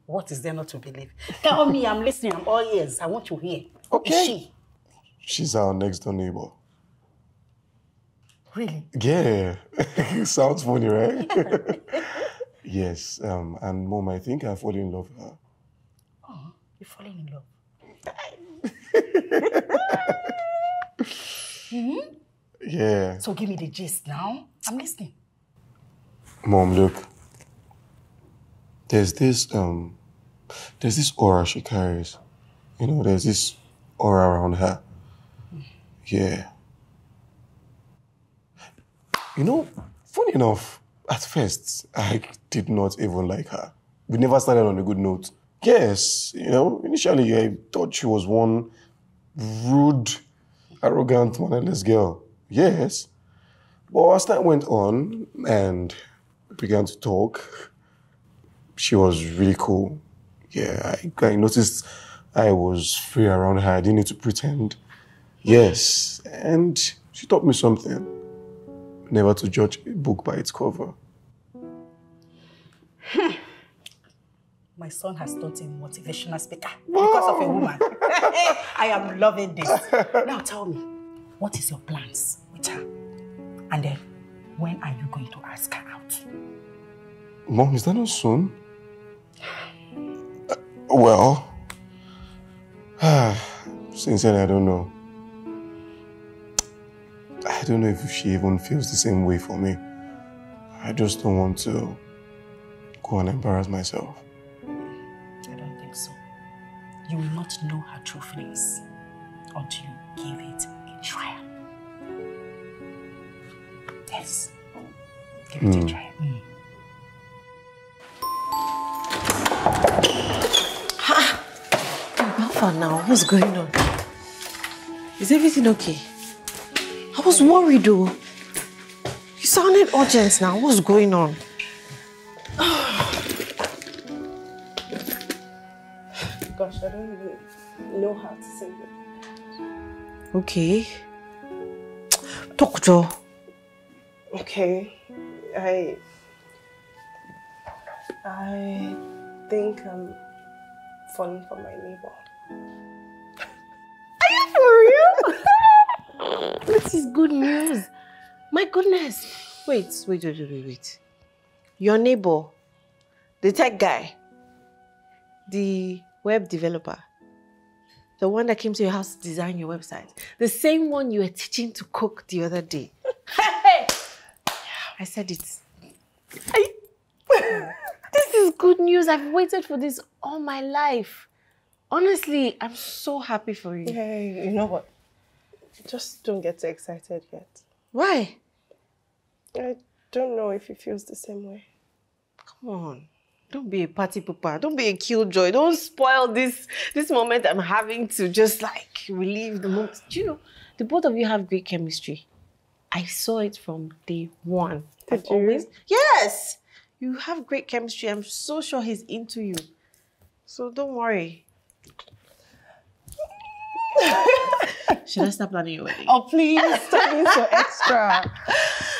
What is there not to believe? Tell me, I'm listening, I'm all ears. I want to hear. Okay. Is she? She's our next door neighbor. Really? Yeah. Sounds funny, right? yes. Um, and mom, I think I fallen in love with her. Oh, you're falling in love. mm -hmm. Yeah. So give me the gist now. I'm listening. Mom, look. There's this um there's this aura she carries. You know, there's this aura around her. Yeah. You know, funny enough, at first, I did not even like her. We never started on a good note. Yes, you know, initially I thought she was one rude, arrogant, mannerless girl. Yes. But as time went on and began to talk, she was really cool. Yeah, I, I noticed I was free around her. I didn't need to pretend. Yes, and she taught me something. Never to judge a book by its cover. Hmm. My son has taught him motivational speaker because of a woman. I am loving this. Now tell me, what is your plans with her? And then, when are you going to ask her out? Mom, is that not soon? Well, sincerely, I don't know. I don't know if she even feels the same way for me. I just don't want to go and embarrass myself. I don't think so. You will not know her true feelings until you give it a try. Yes. Give it mm. a hmm. try. Mm. now, what's going on? Is everything okay? I was worried though. You sounded urgent now, what's going on? Gosh, I don't even know how to say it. Okay. Talk, Joe. Okay. I... I think I'm falling for my neighbor. Are you for real? this is good news. My goodness. Wait, wait, wait, wait, wait. Your neighbor, the tech guy, the web developer, the one that came to your house to design your website, the same one you were teaching to cook the other day. I said it. I... this is good news. I've waited for this all my life. Honestly, I'm so happy for you. Yeah, you know what? Just don't get too excited yet. Why? I don't know if he feels the same way. Come on. Don't be a party pooper. Don't be a killjoy. Don't spoil this this moment I'm having to just like relieve the moment. Do you know, the both of you have great chemistry. I saw it from day one. Did I've you? Always, yes! You have great chemistry. I'm so sure he's into you. So don't worry. Should I stop planning your wedding? Oh, please, stop being so extra.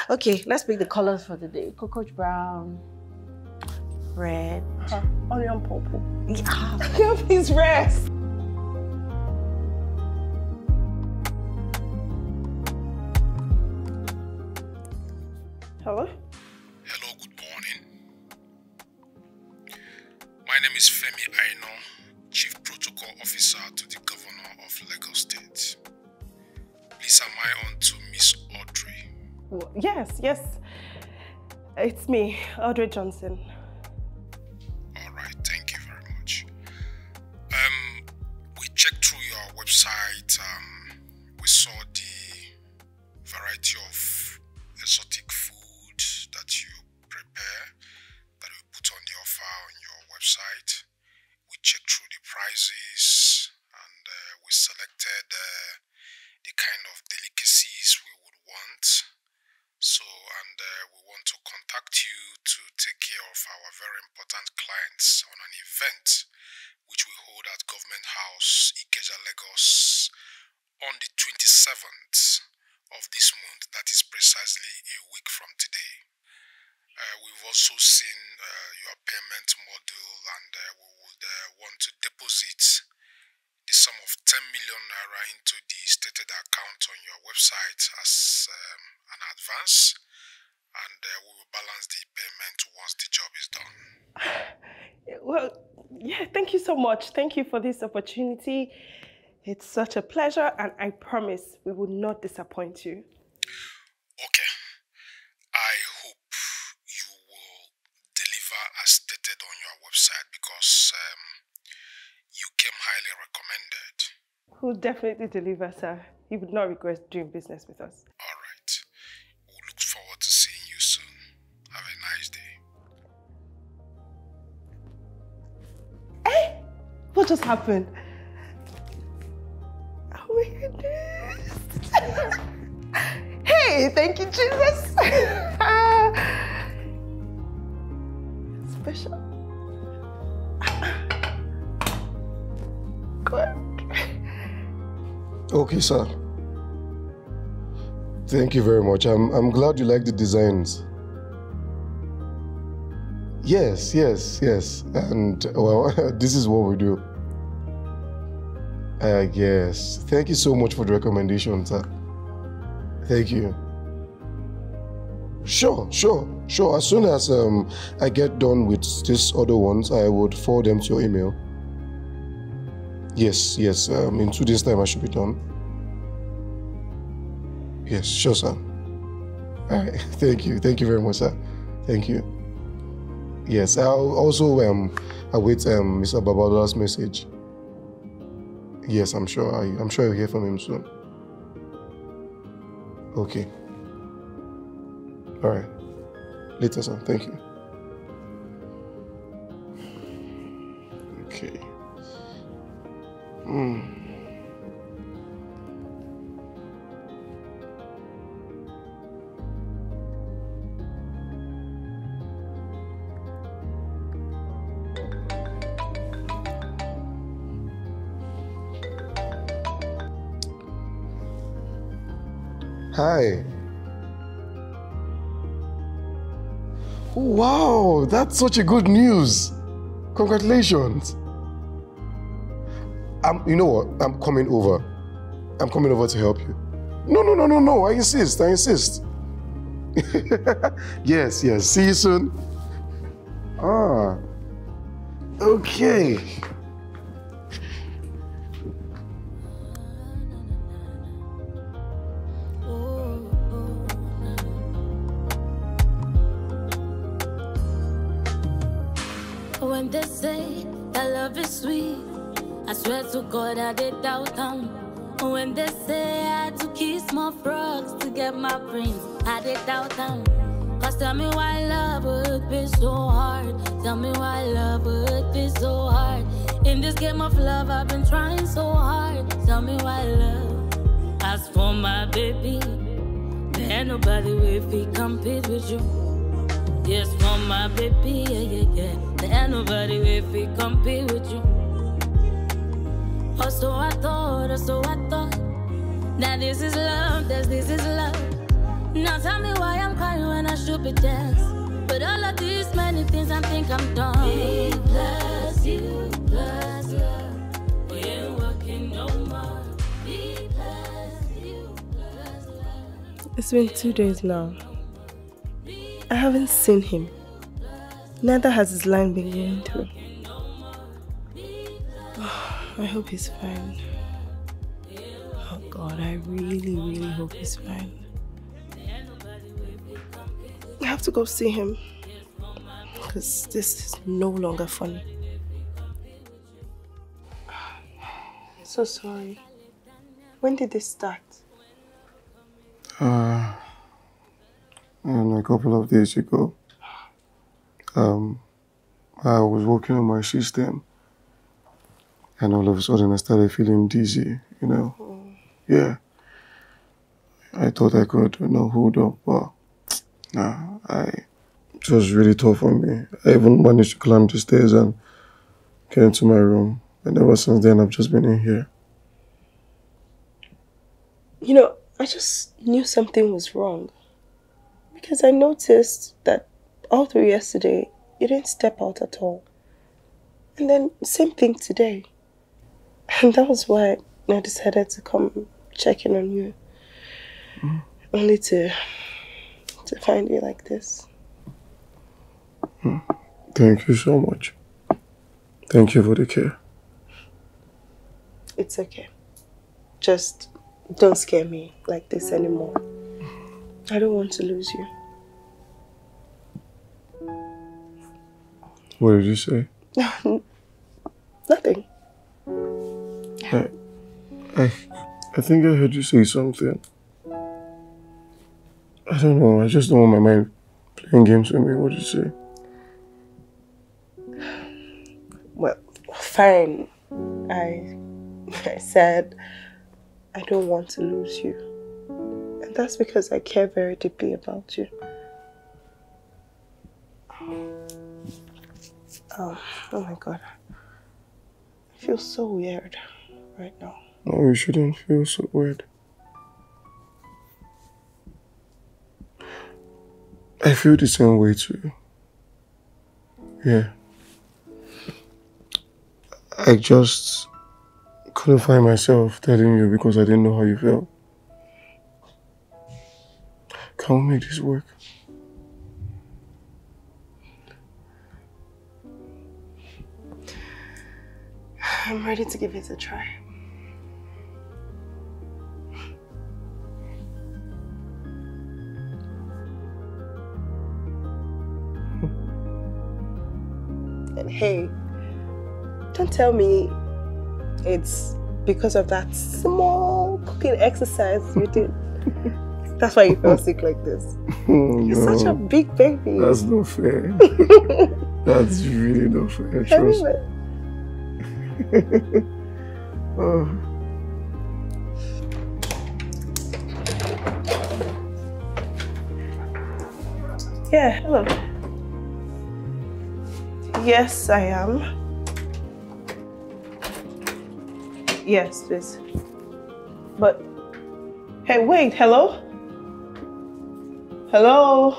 okay, let's pick the colors for the day. Cockroach brown, red. Uh, onion purple. Yeah. please rest? Yes, yes. It's me, Audrey Johnson. much. Thank you for this opportunity. It's such a pleasure, and I promise we will not disappoint you. Okay. I hope you will deliver as stated on your website because um, you came highly recommended. We'll definitely deliver, sir. You would not regret doing business with us. just happened? Oh my goodness. hey, thank you, Jesus. Special. Good. Okay, sir. Thank you very much. I'm, I'm glad you like the designs. Yes, yes, yes. And well, this is what we do. I uh, guess. Thank you so much for the recommendation, sir. Thank you. Sure, sure, sure. As soon as um, I get done with these other ones, I would forward them to your email. Yes, yes. Um, in two days' time, I should be done. Yes, sure, sir. All right. Thank you. Thank you very much, sir. Thank you. Yes, I'll also um, await um, Mr. Babadola's message. Yes, I'm sure. I, am sure you'll hear from him soon. Okay. All right. Later, son. Thank you. Okay. Hmm. Hi. Wow, that's such a good news. Congratulations. I'm, um, you know what? I'm coming over. I'm coming over to help you. No, no, no, no, no. I insist. I insist. yes, yes. See you soon. Ah. Okay. swear to God I did doubt them. When they say I had to kiss more frogs to get my prince, I did doubt them. Cause tell me why love would be so hard. Tell me why love would be so hard. In this game of love, I've been trying so hard. Tell me why love. As for my baby, there ain't nobody with he compete with you. Yes, for my baby, yeah, yeah, yeah. There ain't nobody with he compete with you. Or so I thought, or so I thought. That this is love, that this is love. Now tell me why I'm crying when I should be dancing. But all of these many things I think I'm done. Me plus you plus love. We ain't working no more. Me plus you plus love. It's been two days now. I haven't seen him. Neither has his line been going through. I hope he's fine. Oh God, I really, really hope he's fine. I have to go see him. Because this is no longer funny. so sorry. When did this start? Uh, and a couple of days ago. Um, I was working on my system and all of a sudden, I started feeling dizzy, you know. Mm. Yeah. I thought I could, you know, hold up, but nah, I, it was really tough for me. I even managed to climb the stairs and get into my room. And ever since then, I've just been in here. You know, I just knew something was wrong. Because I noticed that all through yesterday, you didn't step out at all. And then, same thing today. And that was why I decided to come check in on you. Mm. Only to to find you like this. Hmm. Thank you so much. Thank you for the care. It's okay. Just don't scare me like this anymore. I don't want to lose you. What did you say? Nothing. I, I, I think I heard you say something. I don't know. I just don't want my mind playing games with me. What did you say? Well, fine. I, I said I don't want to lose you. And that's because I care very deeply about you. Oh, oh my god. I feel so weird right now. No, you shouldn't feel so weird. I feel the same way too. Yeah. I just couldn't find myself telling you because I didn't know how you felt. Can we make this work? I'm ready to give it a try. hey, don't tell me it's because of that small cooking exercise you did. That's why you fell sick like this. Oh, You're no. such a big baby. That's not fair. That's really not fair. Trust me. oh. Yeah, hello. Yes, I am. Yes, please. But, hey, wait, hello? Hello?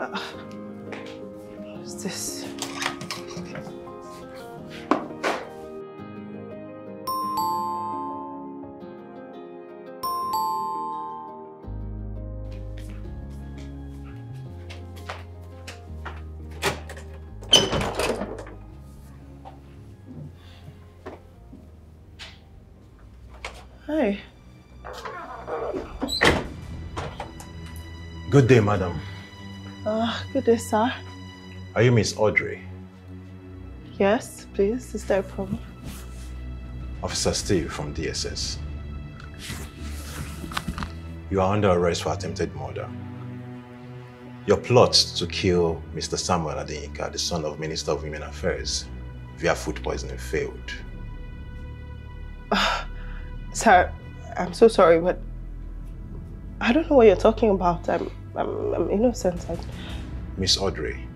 Uh, what is this? Good day, madam. Uh, good day, sir. Are you Miss Audrey? Yes, please. Is there a problem? Officer Steve from DSS. You are under arrest for attempted murder. Your plot to kill Mr. Samuel Adenika, the son of Minister of Women Affairs, via food poisoning failed. Uh, sir, I'm so sorry, but I don't know what you're talking about. I'm, I'm, I'm innocent. I... Miss Audrey,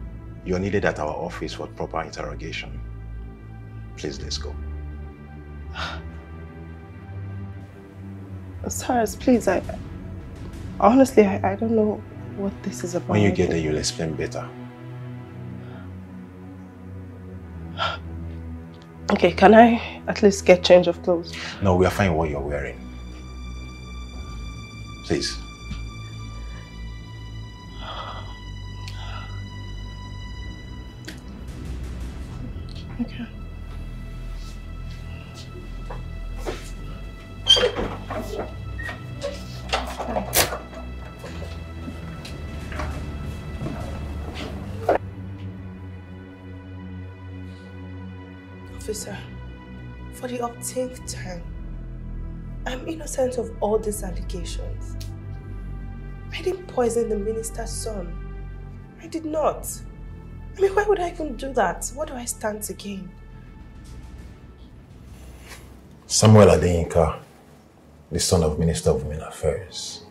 you're needed at our office for proper interrogation. Please, let's go. Cyrus, please, I... Honestly, I, I don't know what this is about. When you get there, you'll explain better. Okay, can I at least get change of clothes? No, we are fine what you're wearing. Please. of all these allegations. I didn't poison the minister's son. I did not. I mean, why would I even do that? What do I stand to gain? Samuel Adeyinka, the son of Minister of Women Affairs,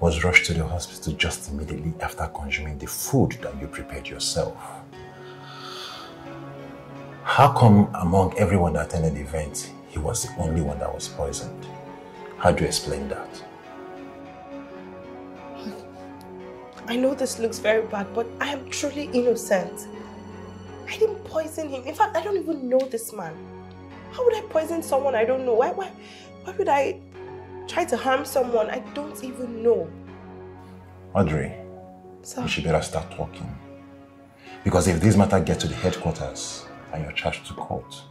was rushed to the hospital just immediately after consuming the food that you prepared yourself. How come among everyone that attended the event, he was the only one that was poisoned? How do you explain that? I know this looks very bad, but I am truly innocent. I didn't poison him. In fact, I don't even know this man. How would I poison someone I don't know? Why, why, why would I try to harm someone I don't even know? Audrey, Sir? you should better start talking. Because if this matter gets to the headquarters and you're charged to court,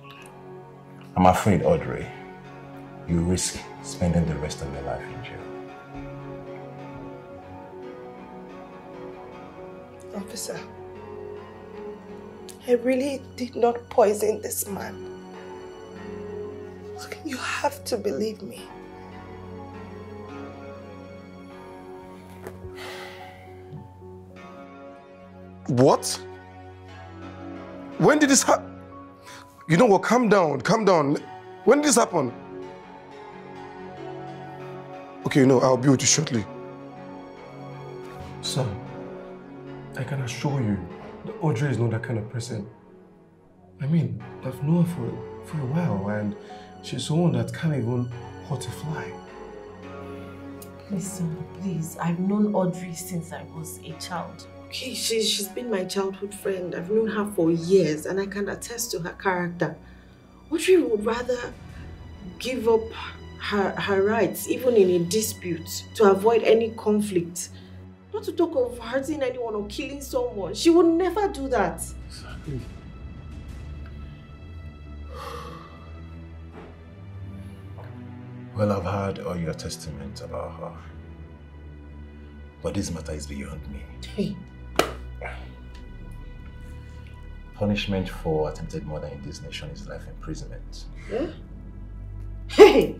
I'm afraid, Audrey, you risk spending the rest of your life in jail. Officer, I really did not poison this man. You have to believe me. What? When did this happen? You know what? Calm down, calm down. When did this happen? okay, no, I'll be with you shortly. Sir, I can assure you that Audrey is not that kind of person. I mean, I've known her for, for a while and she's someone that can't even hurt a fly. Listen, please, I've known Audrey since I was a child. Okay, she, she's been my childhood friend. I've known her for years and I can attest to her character. Audrey would rather give up her, her rights, even in a dispute, to avoid any conflict. Not to talk of hurting anyone or killing someone. She would never do that. Exactly. Well, I've heard all your testament about her. But this matter is beyond me. Hey. Punishment for attempted murder in this nation is life imprisonment. Yeah? Hey!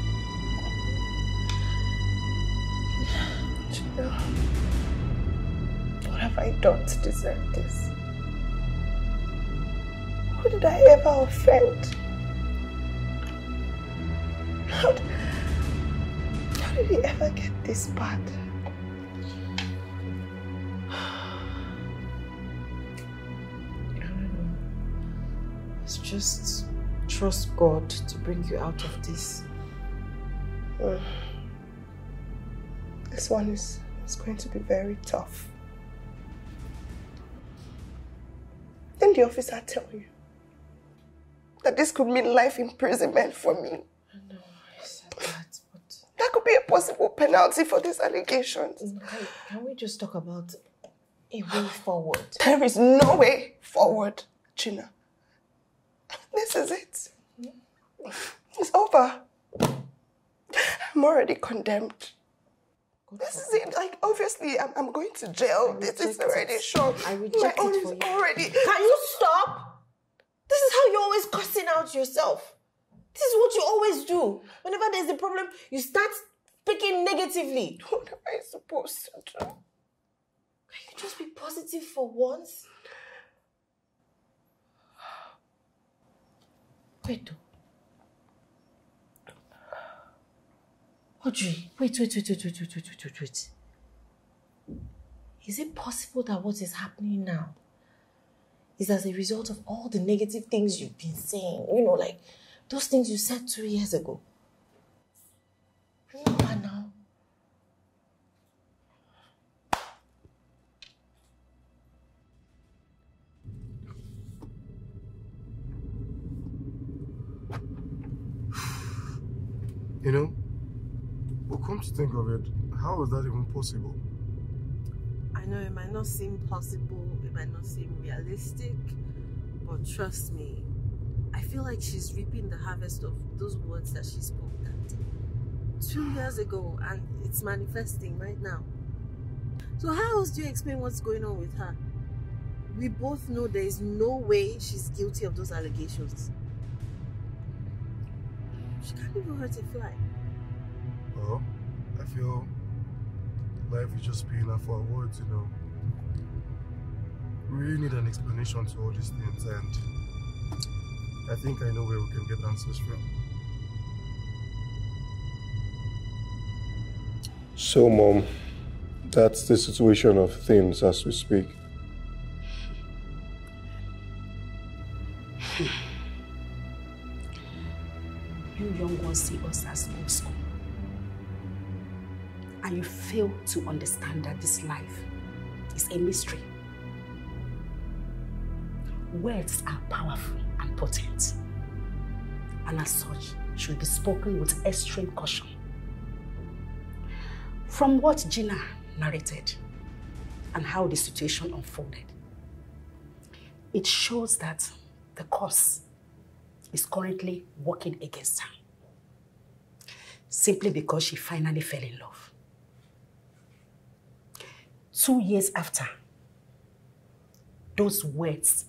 I don't deserve this? Who did I ever offend? How did, how did he ever get this bad? just trust God to bring you out of this. Hmm. This one is, is going to be very tough. Didn't the officer tell you that this could mean life imprisonment for me? know, I said that, but... That could be a possible penalty for these allegations. can we just talk about a way forward? There is no way forward, Gina. This is it. Mm-hmm. It's over. I'm already condemned this is it. Like, obviously, I'm, I'm going to jail. This is already sure. I reject My it for you. already. Can you stop? This is how you're always cussing out yourself. This is what you always do. Whenever there's a problem, you start speaking negatively. What am I supposed to do? Can you just be positive for once? Wait, though. Audrey, wait, wait, wait, wait, wait, wait, wait, wait, wait, wait. Is it possible that what is happening now is as a result of all the negative things you've been saying? You know, like those things you said two years ago. to think of it, how is that even possible? I know it might not seem possible, it might not seem realistic, but trust me, I feel like she's reaping the harvest of those words that she spoke that day. Two years ago, and it's manifesting right now. So how else do you explain what's going on with her? We both know there is no way she's guilty of those allegations. She can't even hurt a fly feel life is just paying off our words, you know. We really need an explanation to all these things, and I think I know where we can get answers from. So, Mom, that's the situation of things as we speak. You young ones see us as fail to understand that this life is a mystery. Words are powerful and potent, and as such, should be spoken with extreme caution. From what Gina narrated and how the situation unfolded, it shows that the cause is currently working against her simply because she finally fell in love two years after, those words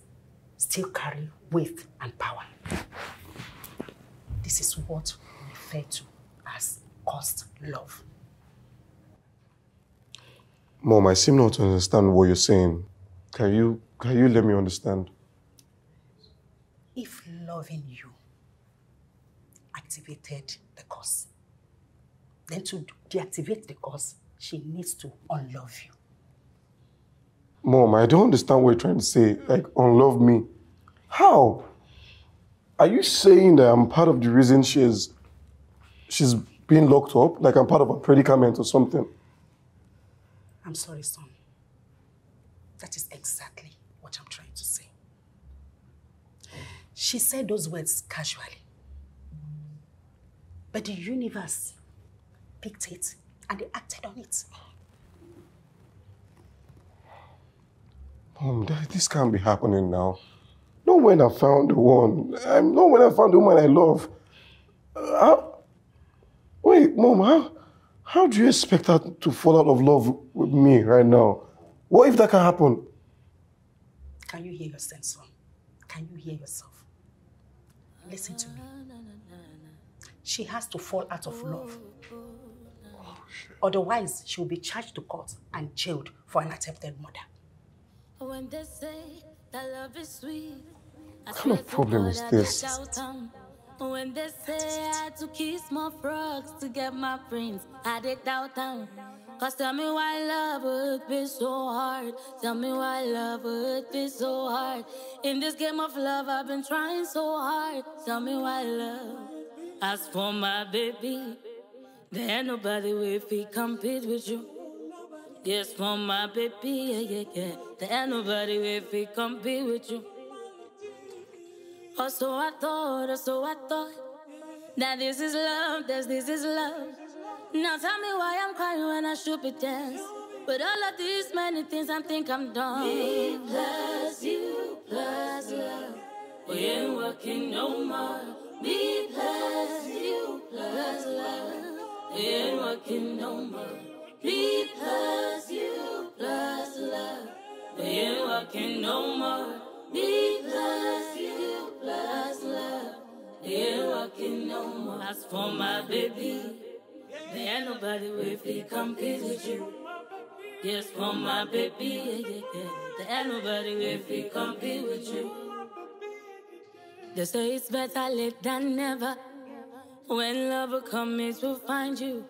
still carry weight and power. This is what we refer to as cost love. Mom, I seem not to understand what you're saying. Can you, can you let me understand? If loving you activated the cause, then to deactivate the cause, she needs to unlove you. Mom, I don't understand what you're trying to say. Like, unlove me. How? Are you saying that I'm part of the reason she's she's being locked up? Like I'm part of a predicament or something? I'm sorry, son. That is exactly what I'm trying to say. She said those words casually. But the universe picked it and they acted on it. Mom, this can't be happening now. No when I found the one. I'm um, not when I found the woman I love. Uh, wait, Mom, how, how do you expect her to fall out of love with me right now? What if that can happen? Can you hear yourself, son? Can you hear yourself? Listen to me. She has to fall out of love. Oh, Otherwise, she will be charged to court and jailed for an attempted murder. When they say that love is sweet, what kind of problem is this? When they say I had to kiss more frogs to get my prince, I did out town. Cause tell me why love would be so hard. Tell me why love would be so hard. In this game of love, I've been trying so hard. Tell me why love. As for my baby, there ain't nobody will compete with you. Yes, for my baby, yeah, yeah, yeah. There ain't nobody if he can be with you. Oh, so I thought, oh, so I thought that this is love, that this is love. Now tell me why I'm crying when I should be dancing. But all of these many things I think I'm done. Me plus you plus love. We ain't working no more. Me plus you plus love. We ain't working no more. P plus U plus love. You are can no more. P plus U plus love. You are can no more. As for my baby, there ain't nobody with me compete with you. Yes, for my baby, yeah, yeah, yeah. There ain't nobody with me compete with you. They say it's better late than never. When love will come, it will find you.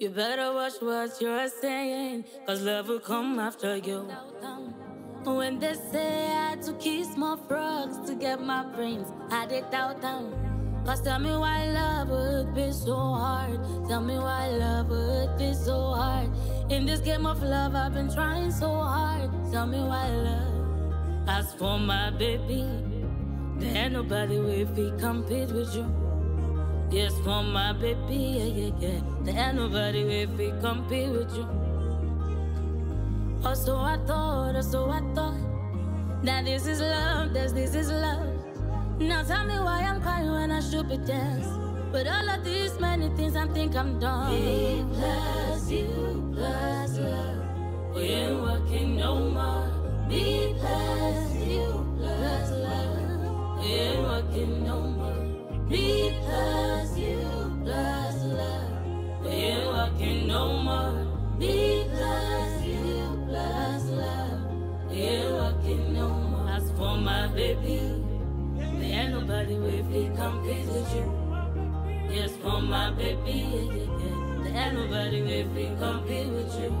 You better watch what you're saying, cause love will come after you. When they say I had to kiss more frogs to get my brains, I did doubt them. Cause tell me why love would be so hard. Tell me why love would be so hard. In this game of love, I've been trying so hard. Tell me why love. As for my baby, there ain't nobody will be compete with you. Yes, for my baby, yeah, yeah, yeah. There ain't nobody if we compete with you. Oh, so I thought, oh, so I thought that this is love, that this is love. Now tell me why I'm crying when I should be dancing. But all of these many things, I think I'm done. Me plus you plus love, we ain't working no more. Me plus you plus love, we ain't working no more. Because you plus love, we're walking no more. Because you plus love, we're walking no more. As for my baby, there ain't nobody with me compete with you. Yes, for my baby, there ain't nobody with me compete with you.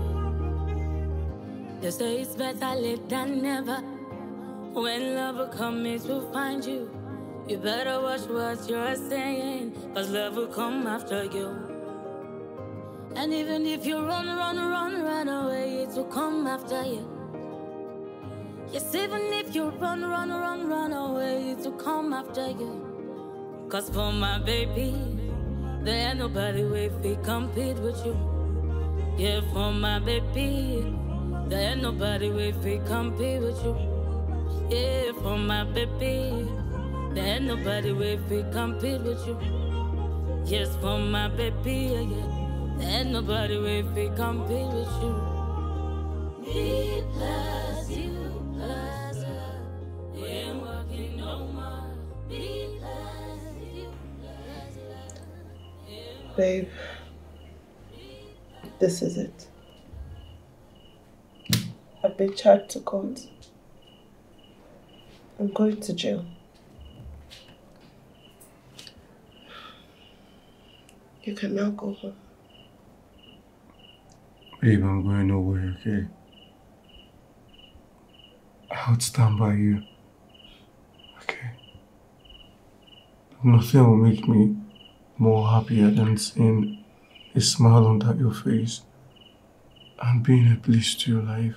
They say it's better late than never. When love will come, it will find you. You better watch what you're saying, cause love will come after you. And even if you run, run, run, run away, it will come after you. Yes, even if you run, run, run, run away, it will come after you. Cause for my baby, there ain't nobody way we compete with you. Yeah, for my baby, there ain't nobody way we compete with you. Yeah, for my baby. There ain't nobody way we compete with you. Yes, for my baby, yeah, yeah. There ain't nobody way we compete with you. Me plus you plus her. We ain't working no more. Me plus you plus her. Babe, this is it. I've been charged to court. I'm going to jail. You cannot go home. Babe, I'm going nowhere, okay? I'll stand by you. Okay? Nothing will make me more happier than seeing a smile on that your face and being a bliss to your life.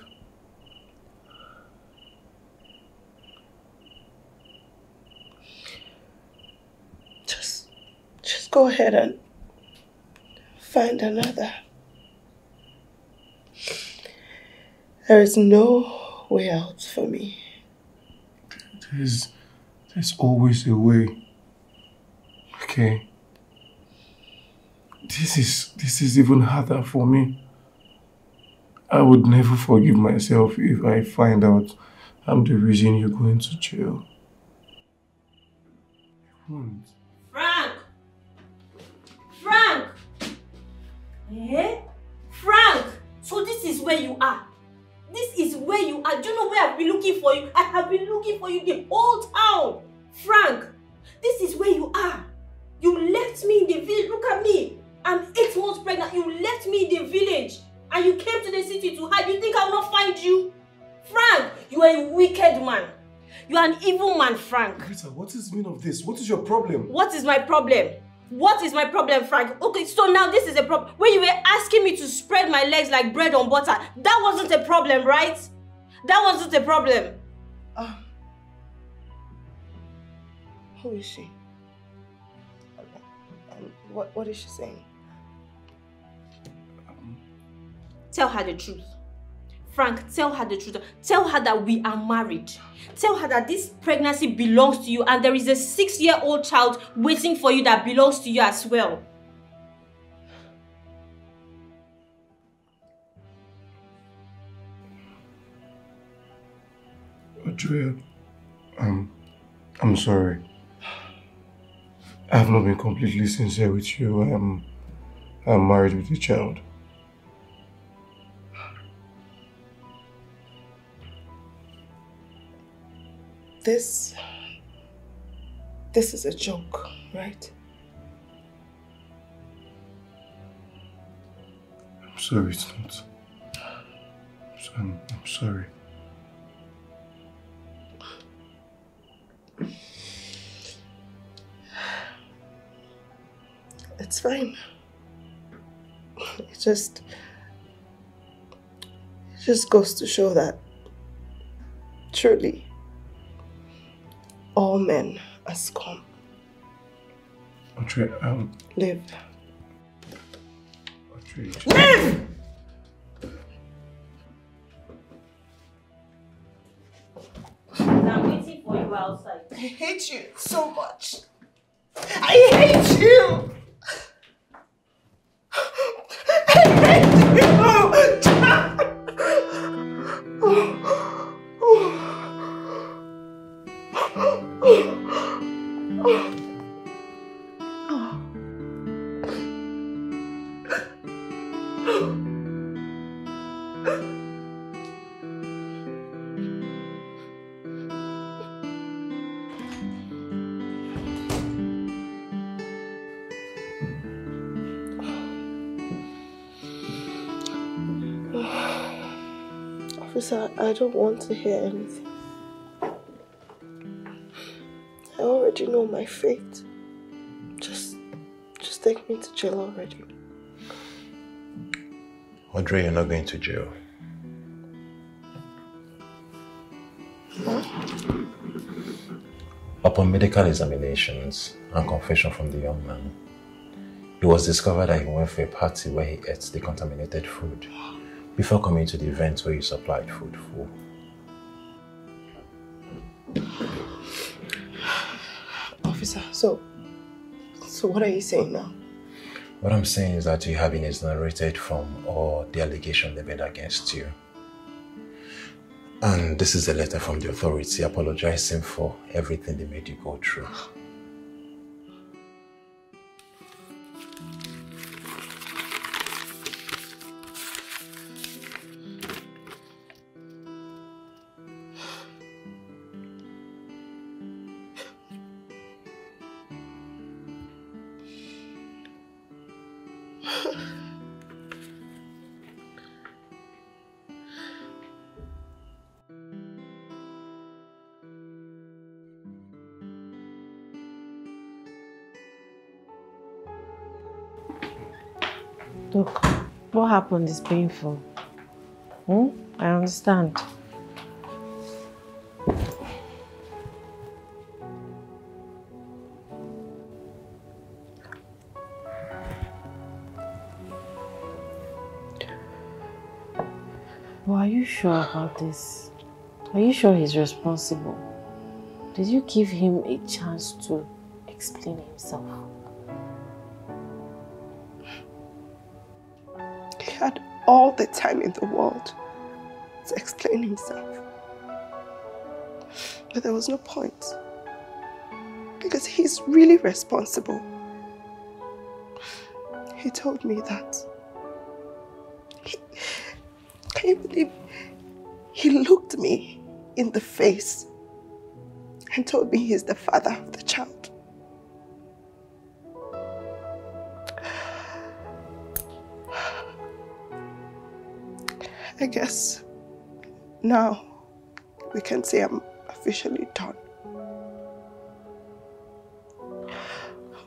Just, just go ahead and find another. There is no way out for me. There's, there's always a way. Okay. This is, this is even harder for me. I would never forgive myself if I find out I'm the reason you're going to jail. I won't. Eh? Frank, so this is where you are. This is where you are. Do you know where I've been looking for you? I have been looking for you the whole town. Frank, this is where you are. You left me in the village. Look at me. I'm eight months pregnant. You left me in the village. And you came to the city to hide. You think I will not find you? Frank, you are a wicked man. You are an evil man, Frank. Rita, what is the meaning of this? What is your problem? What is my problem? What is my problem, Frank? Okay, so now this is a problem. When you were asking me to spread my legs like bread on butter, that wasn't a problem, right? That wasn't a problem. Uh, who is she? Um, what, what is she saying? Um, Tell her the truth. Frank, tell her the truth. Tell her that we are married. Tell her that this pregnancy belongs to you and there is a six-year-old child waiting for you that belongs to you as well. Adria, um, I'm sorry. I have not been completely sincere with you. I'm, I'm married with a child. This... This is a joke, right? I'm sorry, it's not. I'm, I'm sorry. It's fine. It just... It just goes to show that, truly, all men has come. Audrey, um... Live. Audrey... Live! I'm waiting for you outside. I hate you so much. I hate you! I hate you! because I, I don't want to hear anything. I already know my fate. Just just take me to jail already. Audrey, you're not going to jail. Upon medical examinations and confession from the young man, it was discovered that he went for a party where he ate the contaminated food before coming to the event where you supplied food for. Officer, so, so what are you saying now? What I'm saying is that you have been exonerated from all the allegations they made against you. And this is a letter from the authority apologizing for everything they made you go through. happened is painful. Hmm? I understand. Well, are you sure about this? Are you sure he's responsible? Did you give him a chance to explain himself? the time in the world to explain himself. But there was no point. Because he's really responsible. He told me that. He, can you believe he looked me in the face and told me he's the father of the child? I guess now we can say I'm officially done.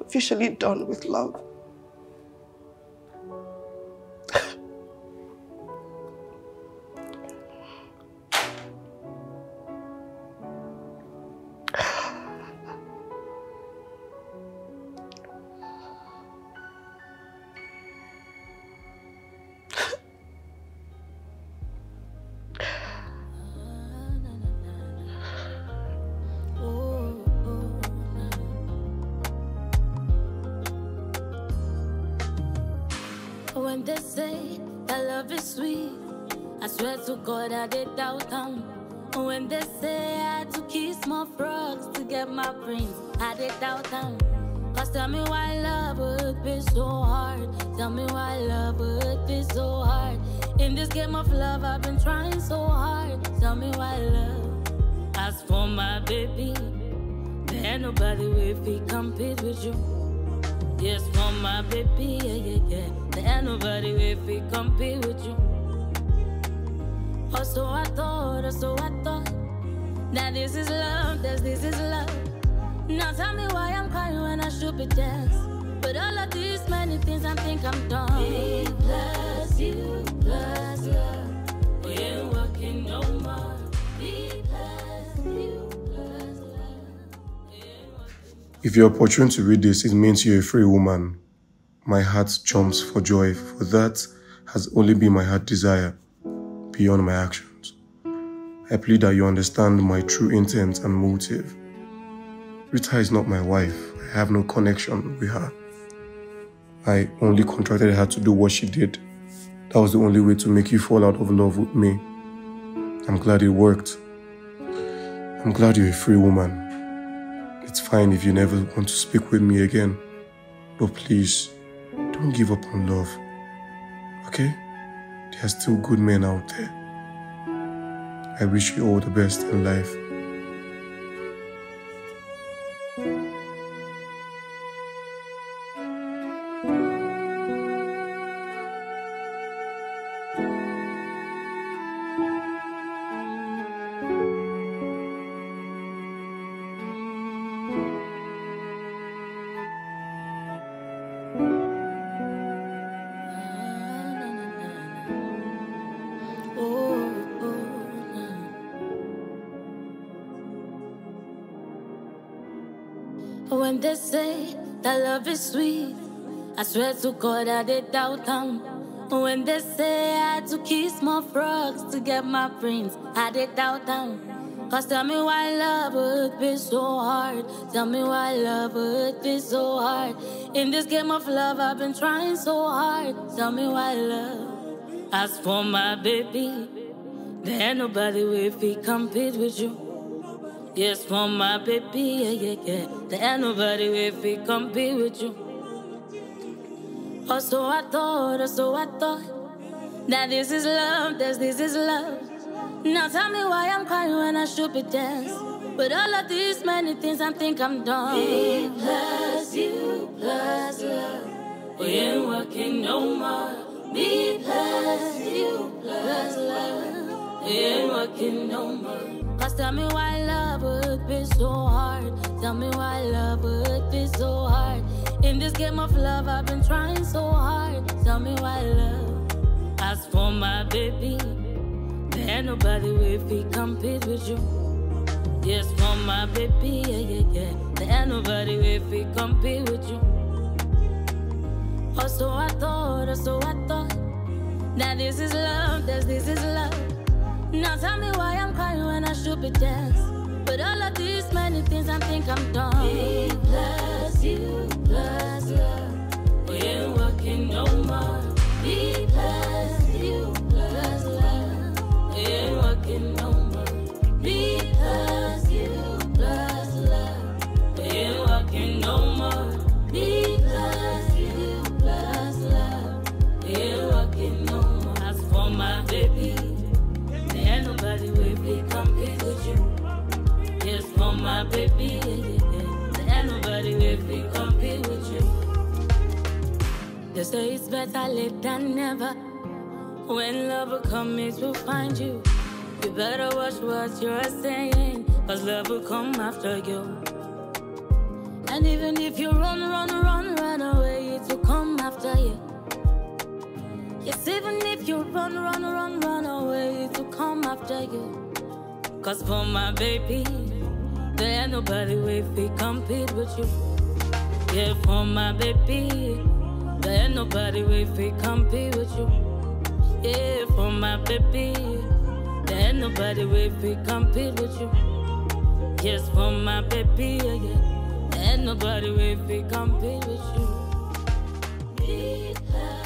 Officially done with love. of love, I've been trying so hard. Tell me why love. As for my baby, there nobody will be compete with you. Yes, for my baby, yeah, yeah, yeah. There nobody will be compete with you. Oh, so I thought, oh, so I thought that this is love, that this is love. Now tell me why I'm crying when I should be dancing. But all of these many things I think I'm done. He bless you, If you're opportune to read this, it means you're a free woman. My heart jumps for joy, for that has only been my heart desire beyond my actions. I plead that you understand my true intent and motive. Rita is not my wife. I have no connection with her. I only contracted her to do what she did. That was the only way to make you fall out of love with me. I'm glad it worked. I'm glad you're a free woman. It's fine if you never want to speak with me again, but please don't give up on love. Okay? There are still good men out there. I wish you all the best in life. sweet. I swear to God, I did doubt them. When they say I had to kiss more frogs to get my prince, I did doubt them. Cause tell me why love would be so hard. Tell me why love would be so hard. In this game of love, I've been trying so hard. Tell me why love. As for my baby, there ain't nobody with feet compete with you. Yes, for my baby, yeah, yeah, yeah. There ain't nobody if we be with you. Oh, so I thought, oh, so I thought that this is love, that this is love. Now tell me why I'm crying when I should be dancing. With all of these many things, I think I'm done. Me plus you plus love, we ain't working no more. Me plus you plus love, we ain't working no more. Cause tell me why love would be so hard. Tell me why love would be so hard. In this game of love, I've been trying so hard. Tell me why love. As for my baby, there ain't nobody will be compete with you. Yes, for my baby, yeah, yeah, yeah. There ain't nobody will be compete with you. Oh, so I thought, oh, so I thought. Now this is love, this, this is love. Now tell me why I'm crying when I should be dancing. But all of these many things I think I'm done. He bless you, bless love. We ain't working no more. He bless you, bless love. We ain't working no more. He bless you, bless love. We ain't working no more. nobody will be compete with you. Yes, for my baby, nobody will be compete with you. They say it's better late than never. When love comes, will find you. You better watch what you're saying, cause love will come after you. And even if you run, run, run, run away, it will come after you. Yes, even if you run, run, run, run away to come after you. Cause for my baby, there ain't nobody with me compete with you. Yeah, for my baby, there ain't nobody with me compete with you. Yeah, for my baby, there ain't nobody with me compete with you. Yes, for my baby, yeah, yeah. There ain't nobody with me compete with you. Need her.